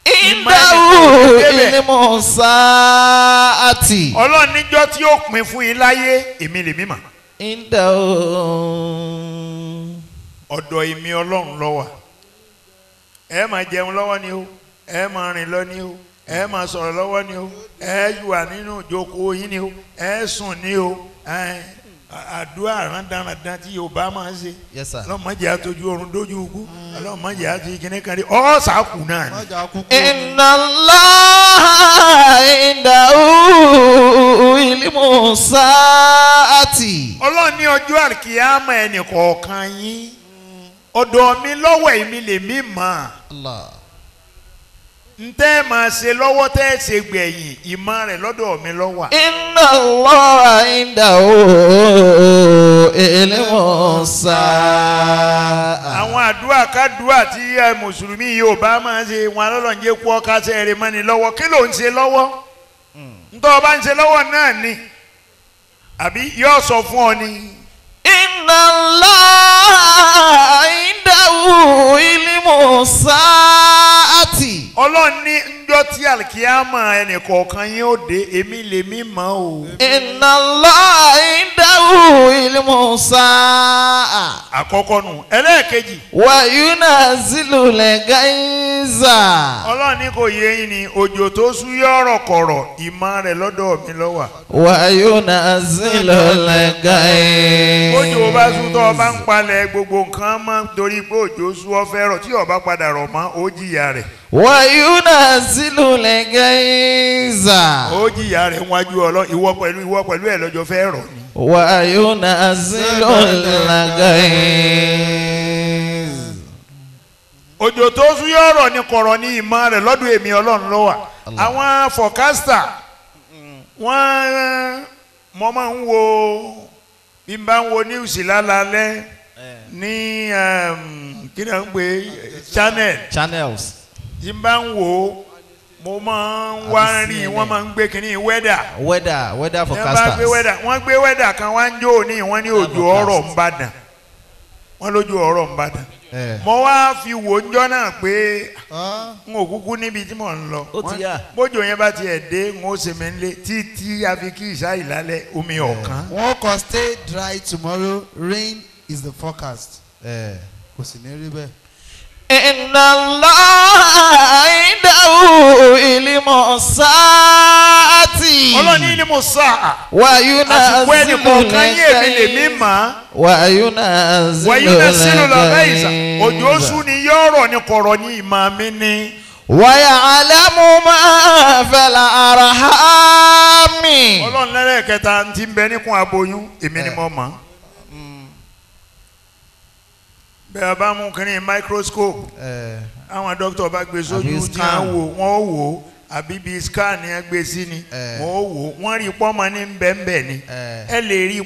Speaker 2: ìdáhùn ìlímọ̀ sáàtì. ọlọ́run níjọ́ tí ó pin fún yín láyé èmi lè mímọ̀. ìdáhùn. ọ̀dọ̀ èmi ọlọ́run ló wà ẹ máa jẹun lọ́wọ́ ni o ẹ máa rìn lọ ni o ẹ máa sọ̀rọ̀ lọ́wọ́ ni o ẹ wà nínú ìjókòó yín ni o ẹ sùn ni o àdúrà aràndaràndà tí yorùbá máa ń ṣe. yes sir. ọlọ́run mọ̀jẹ̀ àtọ́jú ọrùn dójú ogun. Mm. ọlọ́run mọ̀jẹ̀ àti kíní kan rí ọ́ sàkú náà ni. iná ńlá ìdáhù ìlímọ̀ sáàtì. ọlọ́run ní ọjọ́ àkíyámọ̀ ẹnì kọ̀ọ̀kan yín mm. ọ̀dọ̀ mi lọ́wọ́ ẹ̀mí lèmi mọ́. allah. ntẹ́ máa ṣe lọ́wọ́ tẹ́ ẹ ṣe gbẹ̀yìn ìmọ̀ rẹ̀ lọ́dọ̀ mi ló wà.
Speaker 1: inna Allah indahu
Speaker 2: ilmu sa'a. àwọn àdúrà kádùúrà tí mùsùlùmí yóò bá máa ṣe wọn alọ́lọ́njẹ́ kú ọ́ká ṣe eré mọ́ni lọ́wọ́ kí ló ń ṣe lọ́wọ́ ntọ́ hmm. ọba ń ṣe lọ́wọ́ náà ni àbí yóò sọ fún ọ ni. inna Allah indahu ilmu sa'a. ọlọ́run ní njọ́ tí alikiyama ẹnìkọ̀ọ̀kan yín ó dé èmi lè mí mọ́ o. iná lọ
Speaker 1: ìdáhù ìlú
Speaker 2: àkọ́kọ́ nù ẹlẹ́ẹ̀kejì.
Speaker 1: wàyú náà sílù lẹ́gà
Speaker 2: ọlọ́run kò yé yín ni òjò tó sú yọ̀rọ̀ kọ̀rọ̀ ìmọ̀ rẹ̀ lọ́dọ̀ mi lọ́wà.
Speaker 1: wàyú náà bá sún
Speaker 2: gbogbo nǹkan mọ́ torí pé òjò ọ fẹ́ràn tí padà
Speaker 1: wàyúnàzílù lẹ́gẹ́yìnzà.
Speaker 2: ó jìyà rẹ̀ wájú ọlọ ìwọ pẹ̀lú ìwọ pẹ̀lú ẹ̀ lọ́jọ́ fẹ́ rọ̀ ni. wàyúnàzílù lẹ́gẹ́yìnzà. òjò tó sún yọ ọ̀rọ̀ ni kọ̀rọ̀ ni ìmọ̀ rẹ̀ lọ́dún èmi ọlọ́run ló àwọn wọ́n mọ máa ń wo bí n news lálálẹ́ eh. ní ehm, ni à ń channels tí n bá ń wò ó mo máa ń wá rí wọ́n máa ń gbé kínní wẹ́dà. wẹ́dà wẹ́dà forecasters. wọ́n gbé wẹ́dà kan wá ń jó òní wọ́n ní òjò ọ̀rọ̀ ń bàdàn wọ́n lójú ọ̀rọ̀ ń bàdàn mo wá fi wò jọ náà pé n ò kúkú níbi tí mò ń lọ bójú yẹn bá tiẹ̀ dé n ó sèmi nílé títí àfi kí ìṣá ìlálẹ̀ omi ọ̀kan. wọ́n kọ stay dry tomorrow rain is the forecast kò sì
Speaker 1: ní rí bẹ́ẹ̀. إن الله عنده علم الساعة Ọlọ́run ní ilmu Wa Wàyúnà sílùú lẹ́sẹ̀. Wàyúnà sílùú lẹ́sẹ̀. Òjò oṣù
Speaker 2: ni yọ̀rọ̀ ni kọ̀rọ̀ ni ìmọ̀ mi ni. ويعلم ما في الأرحام. Ọlọ́run lẹ́rẹ̀kẹta ti ń bẹ níkùn aboyún èmi ni eh. mo bẹ́ẹ̀ bá mú kínní microscope àwọn dókítà bá gbé sójú tí wọ́n wò wọ́n wò ó àbí bíi scan yẹn gbé sí ni wọ́n wò ó wọ́n rí ni ẹ lè rí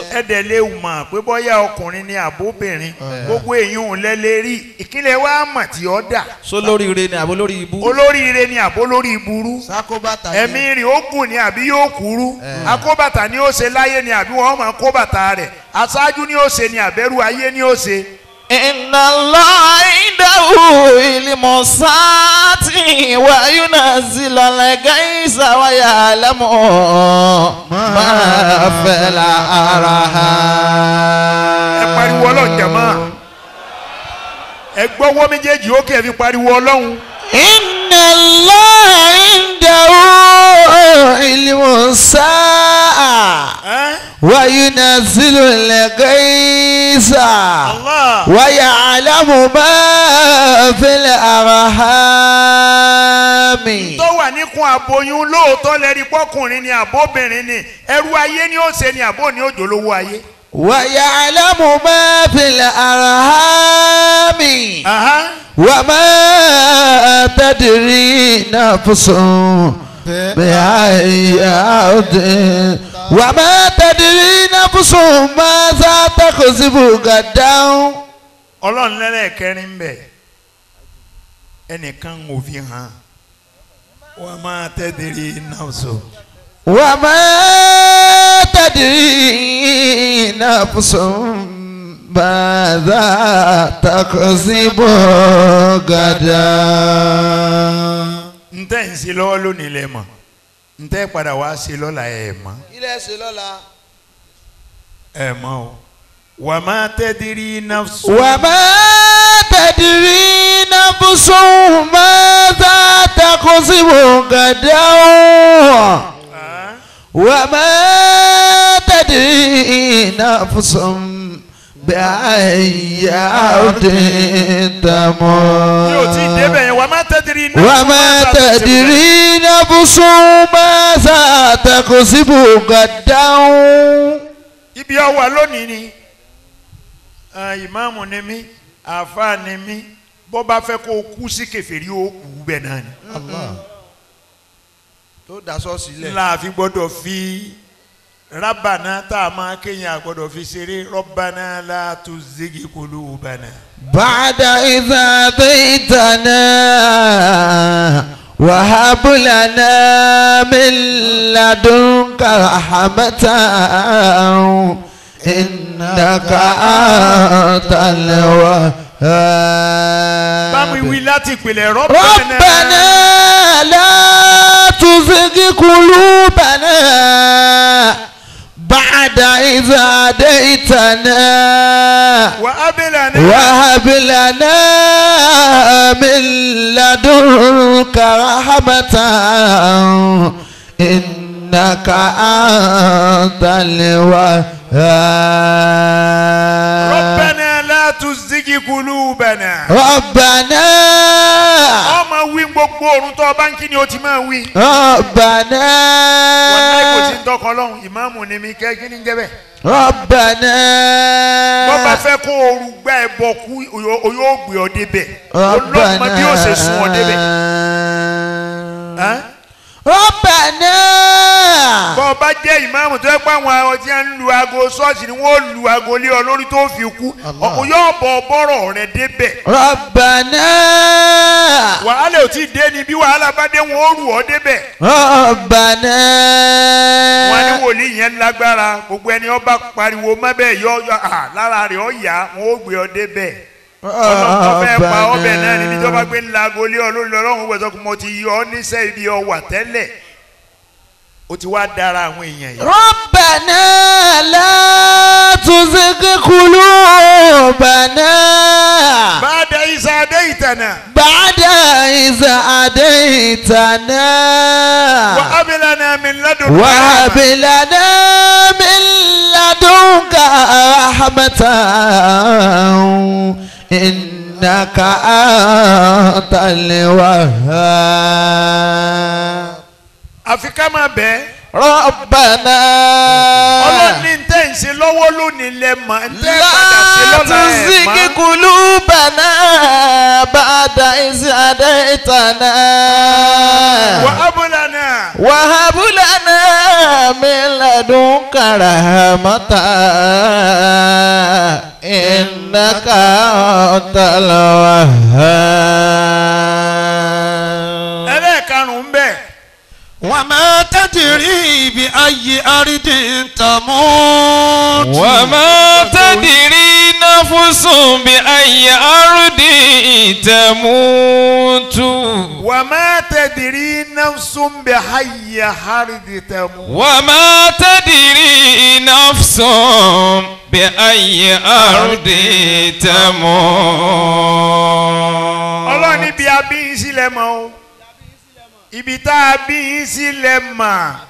Speaker 2: ẹ dẹ̀ lè mọ̀ pé bọ́yá ọkùnrin ni àbóbìnrin eh. gbogbo èyàn ò lẹ́lẹ́ rí ìkílẹ̀ wa mọ̀ tí ó dà. so lóríire ni àbó lórí ibu. olóríire ni àbó lórí iburú. sakobata yẹn ẹ̀mí rìn ó gùn ni àbí yóò kúrú. Eh. akóbàtà ni ó ṣe láyé ni àbí wọ́n máa kóbàtà rẹ̀ aṣáájú ni ó ṣe ni àbẹ́rù ayé ni ó ṣe. Inna Allah indahu ilmu saati wa
Speaker 1: yunazzilu al-gaisa wa ya'lamu ma
Speaker 2: fil arham. Ẹ pariwo ọlọ́run jàmá. Ẹ gbọ́wọ́ méjèèjì ó kẹ́ ẹ fi pariwo ọlọ́run inna Allaha indahu ilmu sa'a
Speaker 1: wa yunazzilu al-ghaytha wa ya'lamu ma fil
Speaker 2: lóòótọ́ lẹ́rìí pọ́kùnrin ni àbóbìnrin ni ẹrú ayé ni ó ṣe ni àbó ni ó jòlówó ayé. ويعلم ما في الأرحام
Speaker 1: وما تدري نفس بأي أرض وما تدري نفس ماذا تكسب غدا
Speaker 2: ọlọ́run lẹ́lẹ́kẹrin ń bẹ̀ ẹnìkan ò fi hàn wọ́n máa tẹ́tẹ̀rì náà sọ
Speaker 1: wà má tẹ̀dí nàfùsùn bàdà takọsíbò gàdà.
Speaker 2: ntẹ́ ń ṣe lọ́wọ́ lónìí lẹ́ mọ̀ ntẹ́ padà wá ṣe lọ́la ẹ̀ mọ̀. ilé ṣe lọ́la. ẹ̀ mọ̀ o wà
Speaker 1: وما تدري نفس بأي أرض تموت وما تدري نفس ماذا تكسب غدا
Speaker 2: ibi ọwà lónìí ni eh, ìmáàmù ni mí àáfàá ni mí bó bá fẹ́ kó kú sí kèfèrí ó kú bẹ́ẹ̀ náà ni tó da ṣọ́ọ̀ṣì lẹ̀. ńlá àfi gbọ́dọ̀ fi rábànà tá a máa kéyìn àgbọ̀dọ̀ fi ṣeré rọ́bànà la tu zigi kulu bànà.
Speaker 1: bàdà ìfà bẹ́ẹ̀ tànà wàhábùlànà mílàdùnkà àhàmẹ́tà ìnàkà àtàlẹ́wà.
Speaker 2: báwo wí láti pèlè rọ́bànà. rọ́bànà
Speaker 1: la. تزغ قلوبنا بعد إذ هديتنا وهب لنا من لدنك رحمة إنك أنت الوهاب
Speaker 2: la tuzigi kulubana. Rabbana. ọmọ wí gbogbo òrùn tó ọba ni o ti máa wí. Rabbana.
Speaker 1: wọn náà kò sí ń
Speaker 2: lọ́hùn ìmáàmù ni mi kẹ́ kí ni ń jẹ́ bẹ́ẹ̀. Rabbana. wọ́n bá fẹ́ kó ooru gbá ẹ bọ̀ kú yóò gbé ọ débẹ̀. Rabbana. olóògùn bí yóò ṣe sùn ọ débẹ̀. Rabbana. bọ́ ọ bá jẹ́ ìmáàmù tó yẹ pé àwọn àwọn tí ń lu aago ṣọ́ọ̀ṣì ni wọ́n lu aago lé ọ lórí tó fi kú ọkùnrin yóò bọ̀ bọ́rọ̀ rẹ débẹ̀. Rabbana. wàhálà ò tí ì dé ni bí wàhálà bá dé wọn ó rù ọ débẹ̀. Rabbana. wọn ní wòlíì yẹn lágbára gbogbo ẹni ọba bá pariwo mọ́bẹ̀ yọ lára rẹ̀ ó yá wọn ó gbé ọ débẹ̀. ọlọ́run fẹ́ pa ọbẹ̀ náà níbi tó bá gbé ńlá agolé ọlọ́run ọlọ́run wẹ̀ sọ́kùn mo ti yọ ọ́ níṣẹ́ ibi ọwà tẹ́lẹ̀ o ti wá dára àwọn èèyàn yìí.
Speaker 1: rọ́bàná látúnṣe kúlú bàná. bàdà ìsà àdé ìtànà. bàdà ìsà àdé ìtànà. wà á bí lànà mi ládùn. wà á bí lànà mi ládùn ká إنك أنت الوهاب
Speaker 2: àfi ká máa bẹ́ẹ̀ Rabbana. ọlọ́ni tẹ́ ń ṣe lọ́wọ́ lónìí lẹ mọ̀ ń tẹ́ padà ṣe lọ́la ẹ̀ mọ́. látúnṣí kíkulú
Speaker 1: bàná bàdà ìsì àdá ìtànà. wàhábùlànà. wàhábùlànà mi lẹ́dùn kàrà mọ́ta ìnáka ọ̀tàlọ́wà. ẹlẹ́ẹ̀karùn-ún bẹ́ẹ̀. wàmẹ́tà. تدري بأي أرض تموت وما تدري نفس بأي
Speaker 2: أرض تموت وما تدري نفس بأي أرض تموت وما تدري
Speaker 1: نفس بأي أرض تموت الله نبي
Speaker 2: أبي سلمه ibi tá a bí yín sí lẹ mà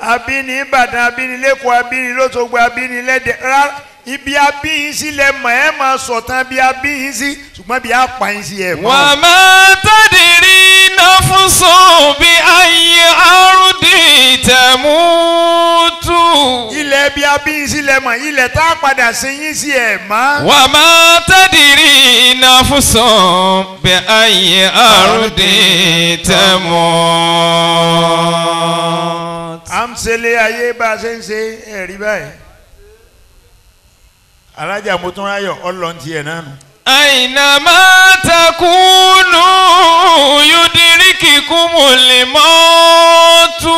Speaker 2: abíní ìbàdàn abíní lẹ́kọ̀ọ́ abíní lóṣogbo abíní lẹ́dẹ̀ rárá ibi abíyín sí lẹ mọ̀ ẹ́ máa sọ̀tàn bí abíyín sí ṣùgbọ́n bí apàyín sí ẹ̀. wà á máa tàdírí náà fún sóun ayé àrùndì tẹ̀mú o. ilẹ̀ bí abíyín sílẹ̀ mọ̀ ilẹ̀ tá a padà sí yín sí ẹ̀ mọ́. wà á máa
Speaker 1: tẹ́dìrì iná fún sàn bẹ́ẹ̀ ayé àròdì tẹ́
Speaker 2: mọ́. à ń ṣẹlẹ̀ ayé bá a ṣe ń ṣe ẹ̀rí báyìí. alájà mo tún ráyọ̀ ọlọ́ntì ẹ̀ náà nù.
Speaker 1: àyìnbá máa takùnú yóò dín kíkúmù lè mọ́ tù.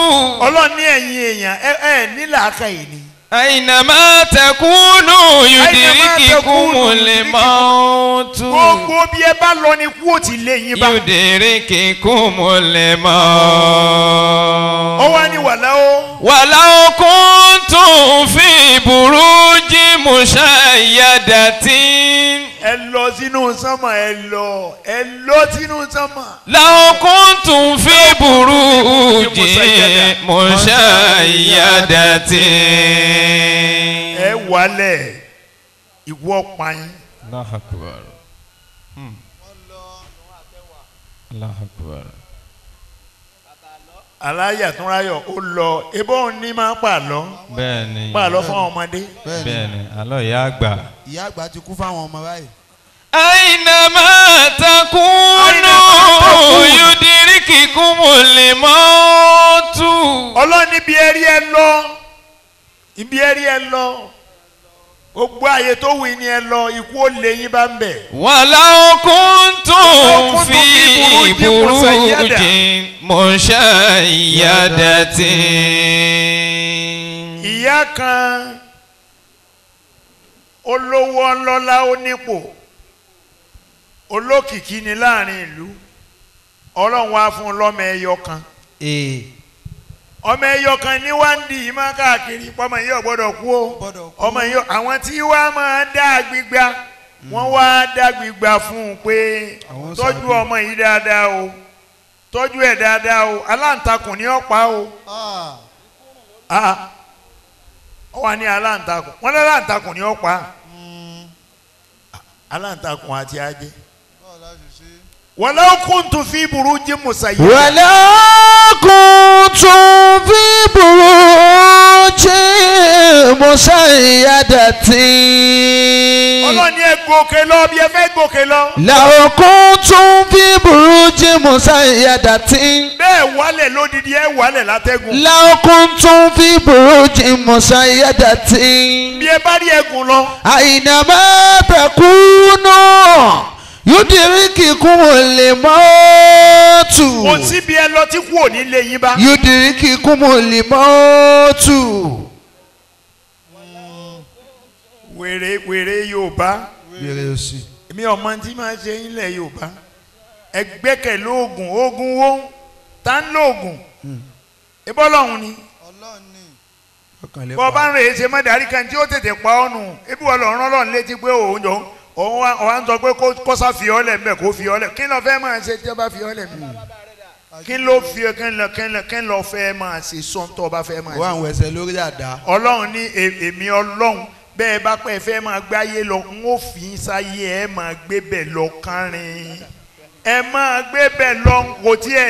Speaker 1: ọlọ́run ní ẹ̀yin èèyàn ẹ ẹ nílà aka yìí ni. àyìnàmá tẹkúnù yùdìrí kíkúmù lè mọ́ tù. gbogbo bí ẹ bá lọ ni kú ò ti lé yín bá. yùdìrí kíkúmù lè mọ́.
Speaker 2: ó wá ní wàlá o. wàlá o kún tún fi burú jí musa yàdá tí ẹ lọ sínú sánmà ẹ lọ ẹ lọ sínú sánmà. law kuntum fi burujin mushayyadatin. ẹ wálẹ̀ ìwọ pààyàn. Allahu Akbar. Hmm. Allahu Akbar aláyà tún ráyọ̀ ó lọ ebó ń ní máa pàlọ́ bẹ́ẹ̀ni pàlọ́ fáwọn ọmọdé bẹ́ẹ̀ni àlọ́ ìyá àgbà. ìyá àgbà ti kú fáwọn ọmọ báyìí.
Speaker 1: àìnàmá takùnú yudiri
Speaker 2: kíkún mo lè mọ́ tù. ọlọ́ni ibi ẹ̀rí ẹ lọ ibi ẹ̀rí ẹ lọ gbogbo àyè tó wù ní ẹ lọ ikú ó lé yín bá ń bẹ̀. wàlá
Speaker 1: okun tó fi ìburú jìn mọ̀ṣẹ́ ìyáda tí.
Speaker 2: ìyá kan olówó ọlọ́lá onípò olókìkí ni láàrin ìlú ọlọ́run wá fún un lọ́mọ ẹyọ kan. Eh ọmọ ẹyọ kan ní wá ń di ìmọ̀ káàkiri pọ́mọ yìí ọ̀gbọ́dọ̀ kú o ọmọ yìí àwọn tí wá máa dá gbígbá hmm. wọ́n wá dá gbígbá fún un pé tọ́jú ọmọ yìí dáadáa o tọ́jú ẹ̀ dáadáa o aláǹtakùn ní ọ̀pá o ah. Ah. ó wà ní aláǹtakùn wọ́n ní aláǹtakùn ní ọ̀pá hmm. aláǹtakùn àti ajé wàlá kuntu fi burujin musayyada. wàlá
Speaker 1: kuntu fi burujin musayyadati. ọlọ́ni ẹ gòkè lọ
Speaker 2: bí ẹ fẹ́ gòkè lọ. làwọn
Speaker 1: kuntu fi burujin musayyadati.
Speaker 2: bẹ́ẹ̀ wálẹ̀ lódìdí ẹ wálẹ̀ látẹ́gùn. làwọn
Speaker 1: kuntu fi burujin musayyadati. bí ẹ bá rí ẹgùn lọ. àyìnbá bẹ̀kú náà yudiriki kun le mọ́ọ̀tù. kò sí
Speaker 2: bí ẹ lọ tí kú òní lè yín bá.
Speaker 1: yudiriki kun le mọ́ọ̀tù.
Speaker 2: wèrè wèrè yorùbá. wèrè òsì. èmi ọmọ tí máa ṣe ilẹ̀ yorùbá. ẹgbẹ́kẹ̀ lóògùn oògùn wo ta ń lóògùn. ìbọ́lọ́hún hmm. ni. bọ́ọ̀ bá ń rèé ṣe mọ́ darí kan tí ó tètè pa ọ́ nù. ebi wọ́n lọ rán lọ́n létí pé òun jọ òun wa òun wa ń sọ pé kọ́sà fi ọ́ lẹ̀ mbẹ́ kó fi ọ́ lẹ̀ kí ló fẹ́ máa ṣe tí ó bá fi ọ́ lẹ̀ mbẹ́ kí ló fi kí ló kí ló kí ló fẹ́ máa ṣe sọ́ńtọ́ bá fẹ́ máa ṣe. wọ́n àwọn ẹsẹ̀ lórí dada. ọlọ́run ní e, èmi ọlọ́run bẹ́ẹ̀ bá pẹ́ fẹ́ máa gbáyé lọ n ó fi sáyé ẹ máa gbé bẹ̀ lọ kárin ẹ máa gbé bẹ̀ lọ kò tí ẹ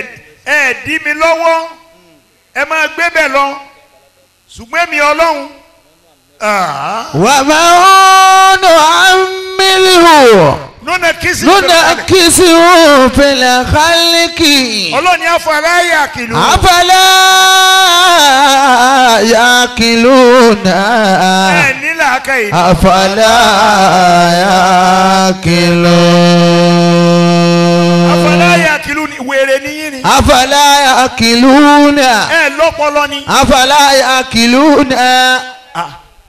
Speaker 2: ẹ dí mi lọ́wọ́ ẹ máa gbé bẹ̀ lọ ṣùgbọ́n èmi ọlọ́run. wàá máa ń lọ àwọn mílíọ̀. Nuna kisi Nuna kisi
Speaker 1: o fila khaliki. Ọlọ́run ni
Speaker 2: afala ya kìlú. Afala
Speaker 1: ya kìlú náà.
Speaker 2: Ẹ làákà yìí. Afala
Speaker 1: ya kìlú. Afala ya kìlú ni wèrè nìyí ni. Afala ya kìlú náà.
Speaker 2: Ẹ lọ́pọlọ ni. Afala ya kìlú náà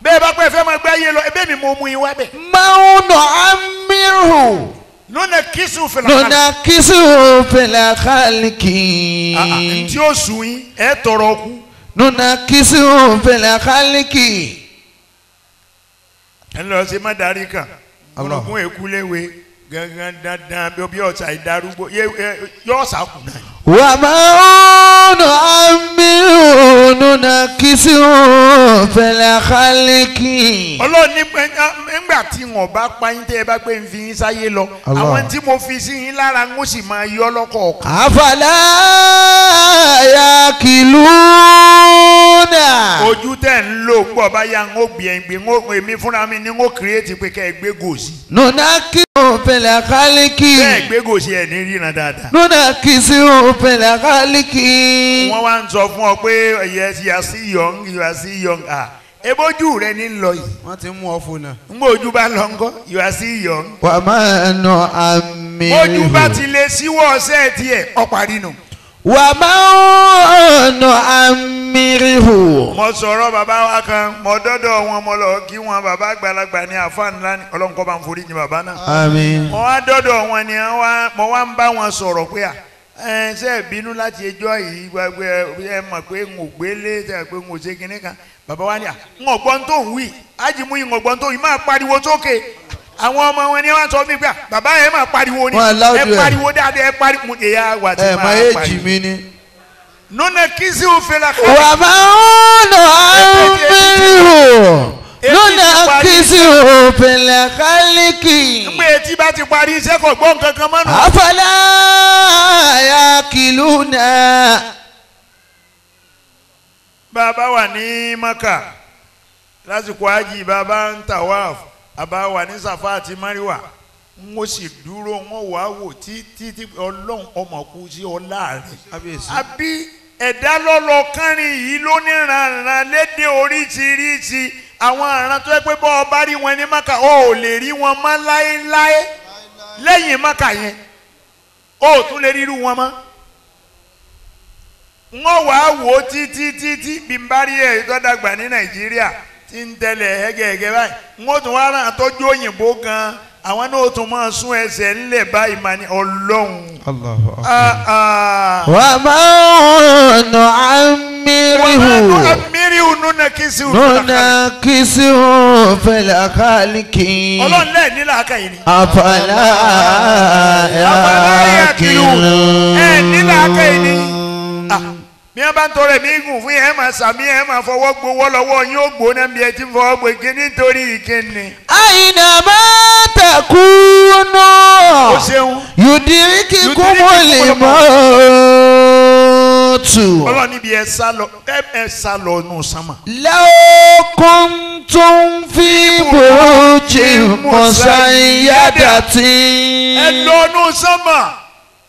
Speaker 2: bẹ́ẹ̀ bá pẹ́ fẹ́ máa gbé ayé lọ ẹbẹ́ mi mo mú yín wá bẹ̀. mauna amiru. nuna kisu fila kaliki. nuna kisu
Speaker 1: fila kaliki. Ah, ah, ntí o sùn yín ẹ tọrọ kú. nuna kisu fila kaliki.
Speaker 2: ẹ lọ sí má darí kan. olùkún èkúléwé gangan dandan bí obi ọ̀sà ìdarúgbó yóò sàkùn náà.
Speaker 1: wà á máa ń nù àmì òun nà kí sí òun
Speaker 2: fẹlẹ àkàlẹ́kì. ọlọ́run nígbà tí wọn bá pa yín tẹ́ ẹ bá gbé ń fi yín sáyé lọ àwọn tí mo fi sí yín lára ń sì máa yọ lọ́kọ̀ọ̀kan. àfàlà ya kìlú náà. ojú tẹ̀ ń lò pọ̀ báyà ń gbìyànjú èmi fúnra mi ni ń ó kírètì pé kẹ́ ẹ gbé gòsì. nùnà kí
Speaker 1: òun òpinlẹ̀ kálíkì. bẹ́ẹ̀
Speaker 2: gbé gòsì ẹ̀ ní ríran dáadáa.
Speaker 1: lónà kì í sí òpinlẹ̀
Speaker 2: kálíkì. wọ́n wá ń sọ fún ọ pé yes you are still young you are still young ah ebojú rẹ ní lọ yìí. wọ́n ti mú ọ fún náà. n bó ojú bá lọ ńkọ́ you are still young. wà á
Speaker 1: máa nọ àmì. ojú bá ti
Speaker 2: lè síwọ́ ọ̀sẹ̀ tiẹ̀ ọ nù wà máa ń nù amírihu. mo sọ̀rọ̀ bàbá wa kan mo dọ́dọ̀ wọn mo lọ kí wọn bàbá àgbàlagbà ní àfa ńlá ni ọlọ́nkọ́ bá ń forí jìn bàbá náà. àmín. mo wá dọ́dọ̀ wọn ni mo wá ń bá wọn sọ̀rọ̀ pé à ẹ ṣe bínú láti ẹjọ́ yìí gbàgbé ẹ mọ̀ pé n ò gbélé ṣe pé n ò ṣe kinní kan bàbá wa ni à n ò tó ń wí ájì mú yìí n ò gbọ́n máa pariwo sókè àwọn ọmọ wọn ni wọn sọ mí gbà ah, bàbá yẹn máa pariwo ni ẹ pariwo dáadáa ẹ pariwo ẹyà wà tí máa pariwo. ẹ máa èjì mi ni. nuna kisi òfela kan. wà á máa ń lọ àmìlò nuna kisi
Speaker 1: òfela kálíkì. nígbà etí
Speaker 2: bá ti parí iṣẹ́ kò gbọ́ nǹkan mọ́nu. àfọlá àyà kìlú náà. bàbá wà ní maka lásìkò àjì bàbá ń tàwáàfù. àbá wà ní sàfà àti mariwa n ó sì dúró wọn wà á wò títí tí ọlọ́run ọmọ kú sí ọ láàrin àbí ẹ̀dá lọ́lọ́ yìí ló ní ràǹràn léde oríṣiríṣi àwọn àràn tó yẹ pé bọ́ bá rí wọn ní maka ọ ò lè rí wọn mọ́ láéláé lẹ́yìn maka yẹn ọ ò tún lè ríru wọn mọ́ wọn wà á wò títí títí bí n bá rí ẹ̀ tó dàgbà ní nàìjíríà. ń tẹ̀lé ẹgẹẹgẹ báyìí wọn tún wá ràn tọ́jú òyìnbó gan àwọn náà tún máa sún ẹsẹ̀ ńlẹ̀ báyìí máa ní ọlọ́run.
Speaker 1: wà á máa nù amírihu amírihu
Speaker 2: nùnà hù nùnà
Speaker 1: kìsì hù fẹlẹ àkàlìkì. ọlọ́run lẹ́ẹ̀ ní làákàyè ni. àfàlà
Speaker 2: yà kìlù. ẹ ní làákàyè ni bí wọ́n bá ń tọrọ ẹ̀mí gùn fún yẹn máa sàmí yẹn máa fọwọ́ gbowó lọ́wọ́ yín ó gbóná bí ẹ ti fọwọ́ gbé kí nítorí ìkíni. àyìnà máa tẹ̀kú
Speaker 1: náà yùdírí kíkún mọ́ lè mọ́ tù. ọlọ́run
Speaker 2: níbi ẹ sá lọ ẹ sá lọ nù sánmà. lẹ́ọ̀kún tó ń fi bòójì mọ̀sáyádàtì. ẹ lọ nù sánmà.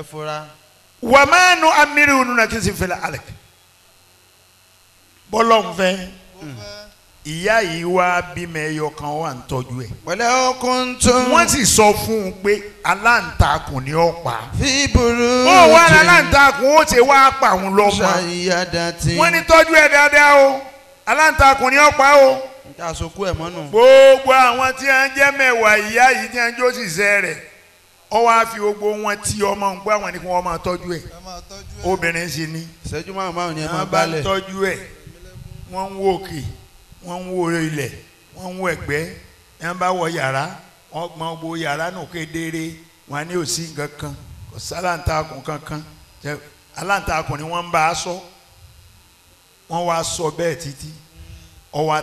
Speaker 2: ẹ wamanu wà má nu amírí nu na kí n sì fẹlẹ alẹ bọlọ nfẹ ìyá yìí wá bímọ ẹyọ kan wà ń tọ́jú ẹ. wọlé ọkùn tún. wọ́n sì sọ fún un pé aláǹtakùn ni ó pa. fíburú jù. ó wá aláǹtakùn ó ṣe wá pa òun lọ́mọ. ṣàyíyáda tí. wọ́n ní tọ́jú ẹ dáadáa o aláǹtakùn ni ó pa o.
Speaker 1: ìdásókú ẹ̀ mọ́nù.
Speaker 2: gbogbo àwọn tí wọ́n jẹ́ mẹ́wàá ìyá yìí tí wọ́n jó sì sẹ́ rẹ̀. ó wáá fi gbogbo wọn tí ọmọ ń pé àwọn ni kí wọ́n máa obìnrin sì ni ìṣẹ́jú máa máa yẹn máa balẹ̀ tọ́jú ẹ̀ wọ́n ń wo òkè wọ́n ń wo ilẹ̀ wọ́n ń wo ẹ̀gbẹ́ wọ́n bá wọ yàrá wọ́n gbọ́n gbogbo yàrá ní òsì kankan kò sálàǹtakùn kankan aláǹtakùn ni wọ́n ń bá sọ wọ́n wá sọ bẹ́ẹ̀ títí ọwọ́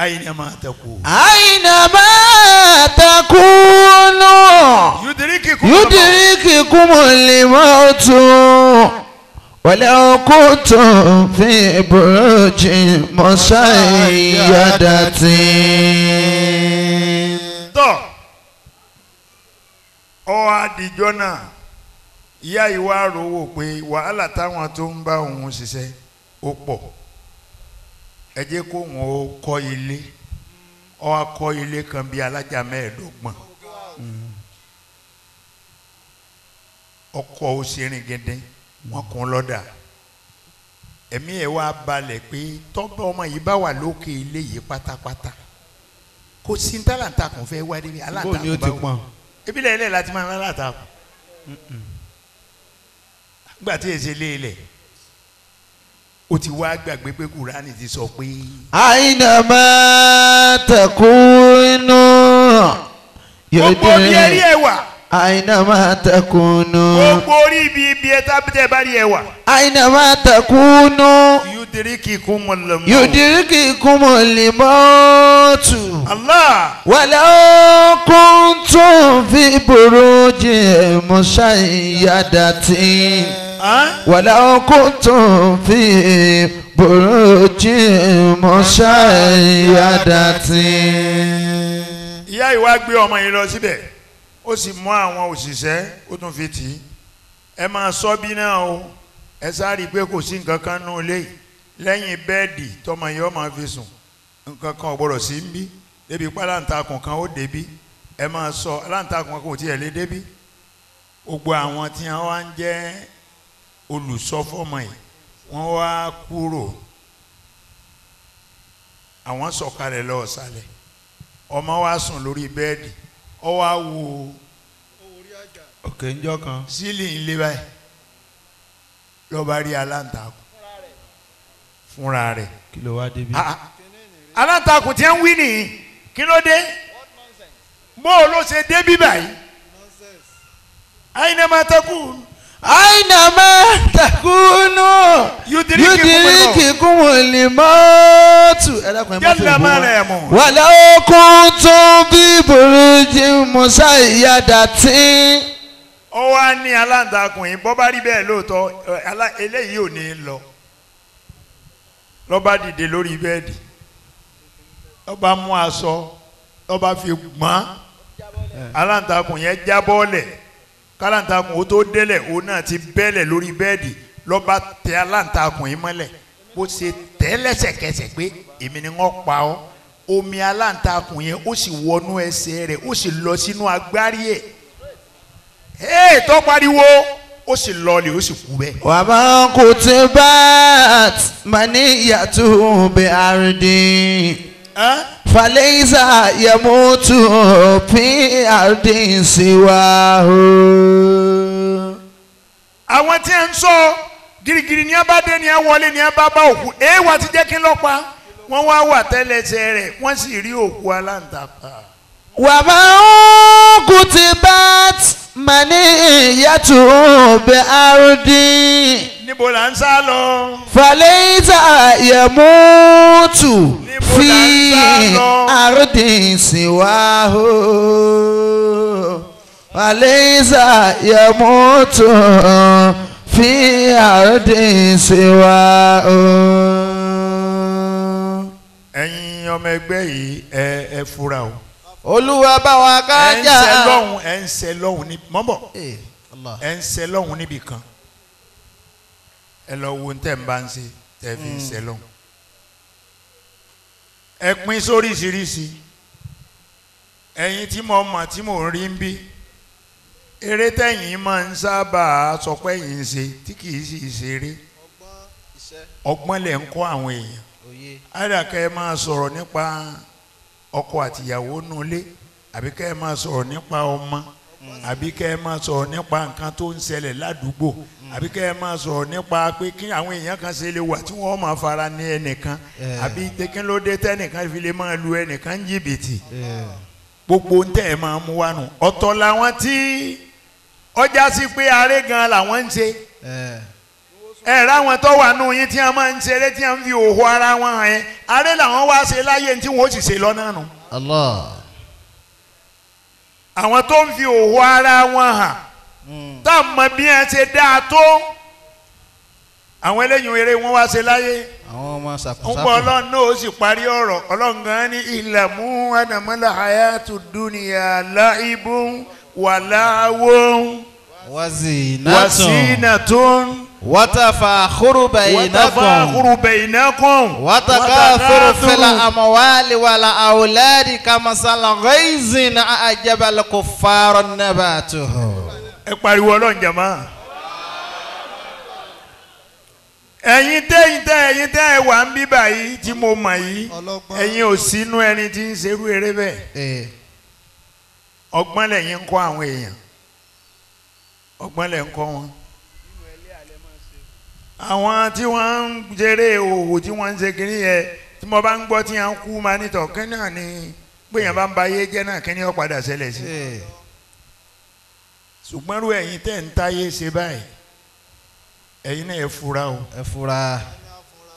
Speaker 2: أينما تكون أينما تكونوا يدرككم
Speaker 1: يدرككم الموت ولو كنتم في برج مشيدة
Speaker 2: tọ́ ọ àdìjọ́ náà ìyá ìwà rò wò pé wàhálà táwọn tó ń bá òun ṣiṣẹ́ ó pọ̀ ẹ jẹ́ kó wọn ó kọ́ ilé ọ wá kọ́ ilé kan bíi alájà mẹ́ẹ̀ẹ́dọ́gbọ̀n hmm. ọkọ̀ òṣèrìn gẹ́dẹ́ wọn kún lọ́dà ẹ̀mí ẹ̀ wá balẹ̀ pé tọ́gbọ́n ọmọ yìí bá wà lókè ilé yìí pátápátá kò sí tálàntà kò fẹ́ wá débi aláǹtakùn bá wà ebi lẹ́yìn lẹ́yìn láti máa ń aláǹtakùn hmm. gbàtí èsè lé ilẹ̀ ó ti wá gbàgbé pé kúránì ti sọ pé. àyìnà
Speaker 1: máa takunu. gbogbo bí ẹ rí ẹ wà. àyìnà máa gbogbo
Speaker 2: orí ibi ibi ẹ tábìtẹ bá rí ẹ wà. àyìnà máa takunu. yudiriki kumul mawt. yudiriki
Speaker 1: kumul mawt. Allah. walau kuntum fi burujin mushayyadatin. Yeah wàlá kuntum fi bòròjì mọ́ṣá ìyádàtì.
Speaker 2: ìyá ìwà gbé ọmọ yìí lọ síbẹ̀ ó sì mú àwọn òṣìṣẹ́ ó tún fi tì í ẹ máa sọ bí náà o ẹ sáré pé kò sí nǹkan kan nù lé lẹ́yìn bẹ́ẹ̀dì tọmọ yìí ó máa fi sùn nǹkan kan ò gbọdọ̀ sí ń bí débi pé aláǹtakùn kan ó débí ẹ máa sọ aláǹtakùn kan kò tiẹ̀ lé débí gbogbo àwọn tí wọn wá ń jẹ́ olùsọfọmọ yìí wọ́n wá kúrò àwọn sọ̀kalẹ̀ lọ ọ̀sàlẹ̀ ọmọ wa sùn lórí bẹ́ẹ̀dì ọ wá wo òkè ńjọ kan sílì ńlẹ báyìí lọ́ba rí aláǹtakùn fúnra rẹ̀ kí ló wá débi. Ah, ah. aláǹtakùn tí ń wí nìyí kí ló dé bó o ló ṣe débi báyìí àyìnbá takùn aina ma
Speaker 1: takunu
Speaker 2: yudiriki kumuli
Speaker 1: mọ́tù.
Speaker 2: yálà má rẹ̀ mọ̀.
Speaker 1: wàlẹ́ okun tó bí burújí musa ìyàdá
Speaker 2: tí. ó wá ní aláǹtakùn yìí bọ́ bá rí bẹ́ẹ̀ lóòótọ́ eléyìí ò ní lọ lọ́ba dìde lórí bẹ́ẹ̀dì lọ́ba mú aṣọ lọ́ba fi gbọ́n aláǹtakùn yẹn jábọ́ lẹ̀ kálántakùn ó tó délẹ̀ òun náà ti bẹ́lẹ̀ lórí bẹ́ẹ̀dì lọ́ba tẹ alántakùn yìí mọ́lẹ̀ bó ṣe tẹ́ lẹ́sẹ̀kẹsẹ̀ pé èmi ni wọ́n pa ọ́ omi alántakùn yẹn ó sì wọnú ẹsẹ̀ rẹ̀ ó sì lọ sínú agbárí ẹ̀ ẹ̀ tó pariwo ó sì lọlẹ̀ ó sì kú bẹ́ẹ̀. wà á máa
Speaker 1: kò tí bá a mani yàtọ̀ bẹ́ẹ̀ àrídìn falẹ́yìísà yẹmútu prd
Speaker 2: siwa o. àwọn tí ń sọ girigiri ní abáde ní awọlé ní abábá òkú èèwà ti jẹ́ kí n lọ́pa wọ́n wá wà tẹ́lẹsẹ̀ rẹ̀ wọ́n sì rí òkú aláǹtakà. wàmà ó kù ti
Speaker 1: bá mani yàtò bẹ àrùndín.
Speaker 2: níbo là ń sá lọ.
Speaker 1: falẹ́yìísà yẹmútu fi àròdì síwá o àlẹ́sà yẹmútu fi àròdì síwá o.
Speaker 2: ẹ̀yin ọmọ ẹgbẹ́ yìí ẹ ẹ fura o. olúwa bá wa ká jà. ẹ ń ṣe lọ́hùn ẹ ń ṣe lọ́hùn ní mọ́bọ̀ eh, ẹ ń ṣe lọ́hùn níbì ẹ lọ wo ń tẹ̀ ń bá ń ṣe tẹ̀ fi ń hmm. ṣe lọ́hùn. ẹpin pín sóríṣiríṣi ẹyin tí mo mọ̀ tí mo rí ń bí eré tẹyìn máa ń sábà sọ pé ẹ̀yin ń ṣe tí kì í sì ṣeré ọgbọ́n lẹ̀ ń kọ́ àwọn èèyàn àdàkẹ́ ẹ máa sọ̀rọ̀ nípa ọkọ àtìyàwó nulẹ̀ àbíkẹ́ ẹ máa sọ̀rọ̀ nípa ọmọ. àbí kẹ́ ẹ máa sọ̀rọ̀ nípa nǹkan tó ń ṣẹlẹ̀ ládùúgbò àbí kẹ́ ẹ máa sọ̀rọ̀ nípa pé kí àwọn èèyàn kan ṣe lè wà tí wọ́n máa fara ní ẹnìkan eh. àbí tekinlódé tẹ́nìkan fi lè máa lu ẹnìkan ń jìbìtì eh. gbogbo ń tẹ́ ẹ máa mú wánu ọ̀tọ̀ làwọn tí ọjà sí pé aré gan làwọn ń ṣe eh. ẹ ráwọn tó wà nù yín tí wọ́n máa ń ṣeré tí wọ́n fi òhò ara wọn hàn yẹn aré làwọn wá ṣe láyé tí wọ́n ó sì ṣe lọ́nà nù. Allah àwọn tó ń fi òwò ara wọn hàn hmm. tá a mọ bí wọn ṣe dáa tó àwọn eléyìí eré wọn wá ṣe láyé àwọn ọmọ ṣàkóso ń bọ ọlọ́run náà ó sì parí ọ̀rọ̀ ọlọ́run gan ni ìlàmú ànàmọ́lá hayatu dunia láìbùn wàláwó wàzínàtún. وتفاخر بينكم وتفاخر بينكم وتكاثر في الأموال
Speaker 1: والأولاد كمثل غيظ أعجب الكفار
Speaker 2: نباته ẹ pariwo Ọlọ́run jàmá ẹ̀yin tẹ̀yin tẹ ẹ̀yin tẹ ẹ wà ń bí báyìí tí mo mọ̀ yìí ẹ̀yin ò sínú ẹni tí ń ṣerú eré bẹ́ẹ̀ eh. ọgbọ́n lẹ̀yin ń kọ́ àwọn èèyàn ọgbọ́n lẹ̀ ń kọ́ wọn àwọn tí wọ́n ń jèrè òwò tí wọ́n ń ṣe kiri yẹ tí mo bá ń gbọ́ tí wọ́n kú máa nítọ̀ kí náà ni gbìyànjú bá ń ba ayé jẹ́ náà kí ni ó padà ṣẹlẹ̀ sí. Eh. ṣùgbọ́n irú ẹ̀yin tẹ̀ ń táyé ṣe báyìí ẹ̀yin náà ẹ fura o. ẹ fura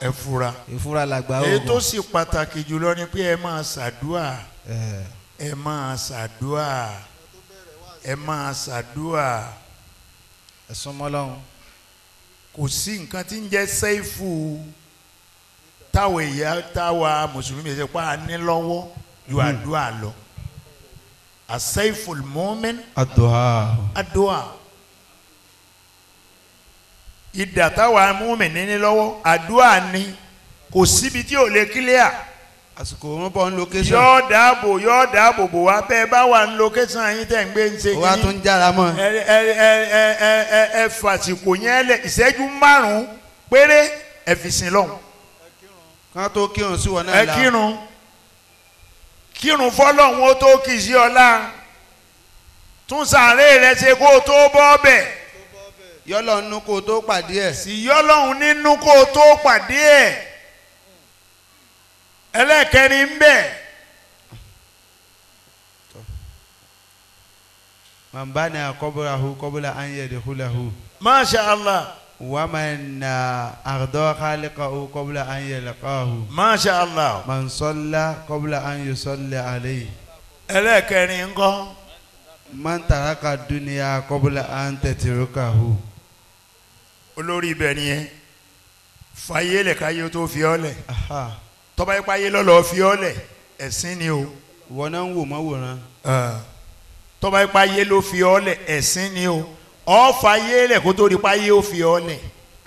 Speaker 2: ẹ fura. ìfura làgbà oògùn. èyí tó sì pàtàkì jùlọ ni pé ẹ máa ṣàdúà eh. ẹ máa ṣàdúà ẹ máa ṣàdúà. ẹ súnmọ́ Ọlọ́run kò sí nǹkan tí ń jẹ́ sẹ́ẹ̀fù táwa èyà táwa mùsùlùmí ẹ̀ṣẹ̀ pa á ní lọ́wọ́ ju hmm. àdúrà lọ àsẹ́ẹ̀fù mọ́mẹ́n àdúrà àdúrà ìdà táwa mọ́mẹ́n ní lọ́wọ́ àdúrà ni kò síbi tí ò lè kílíà àsìkò òun bọ̀ ń location. yóò dáàbò yóò dáàbò bò wá bẹ́ẹ̀ bá wà ní location yín tẹ̀ ń gbé ń ṣe kí. wàá tún jára mọ́. ẹ ẹ ẹ ẹ ẹ ẹ fàṣìkò yẹn lẹ ìṣẹ́jú márùn-ún péré ẹ fi lọ́hùn. kán tó kírun sí wọn náà la. ẹ kírun kírun fọlọ́hún ó tó kì í sí ọlá tún sàárè rẹ ṣe kó o tó bọ́ bẹ̀. yọlọ́hún nínú kó o tó pàdé ẹ̀. sì yọlọ́hún nínú kó o tó pàdé ẹ̀ ẹlẹ́ẹ̀kẹrin ń bẹ̀.
Speaker 1: man bana qabrahu qabla an yadkhulahu. masha allah. ومن أغدى خالقه قبل أن يلقاه ما شاء الله من صلى قبل أن يصلى عليه ẹlẹ́ẹ̀kẹrin ńkọ́. man
Speaker 2: taraka dunya qabla
Speaker 1: an tatrukahu.
Speaker 2: olórí ibẹ̀ nìyẹn fàyè lẹ̀ka yóò tó fi ọ́ lẹ̀ tọ́ba yẹn páyé lọ́lọ́ fi ọ́ lẹ̀ ẹ̀sìn ni o. ìwọ náà ń wò mọ́ wòran. tọ́ba yẹn páyé ló fi ọ́ lẹ̀ ẹ̀sìn ni o ọ̀fà yé lẹ̀ kó tó di páyé ó fi ọ́ lẹ̀.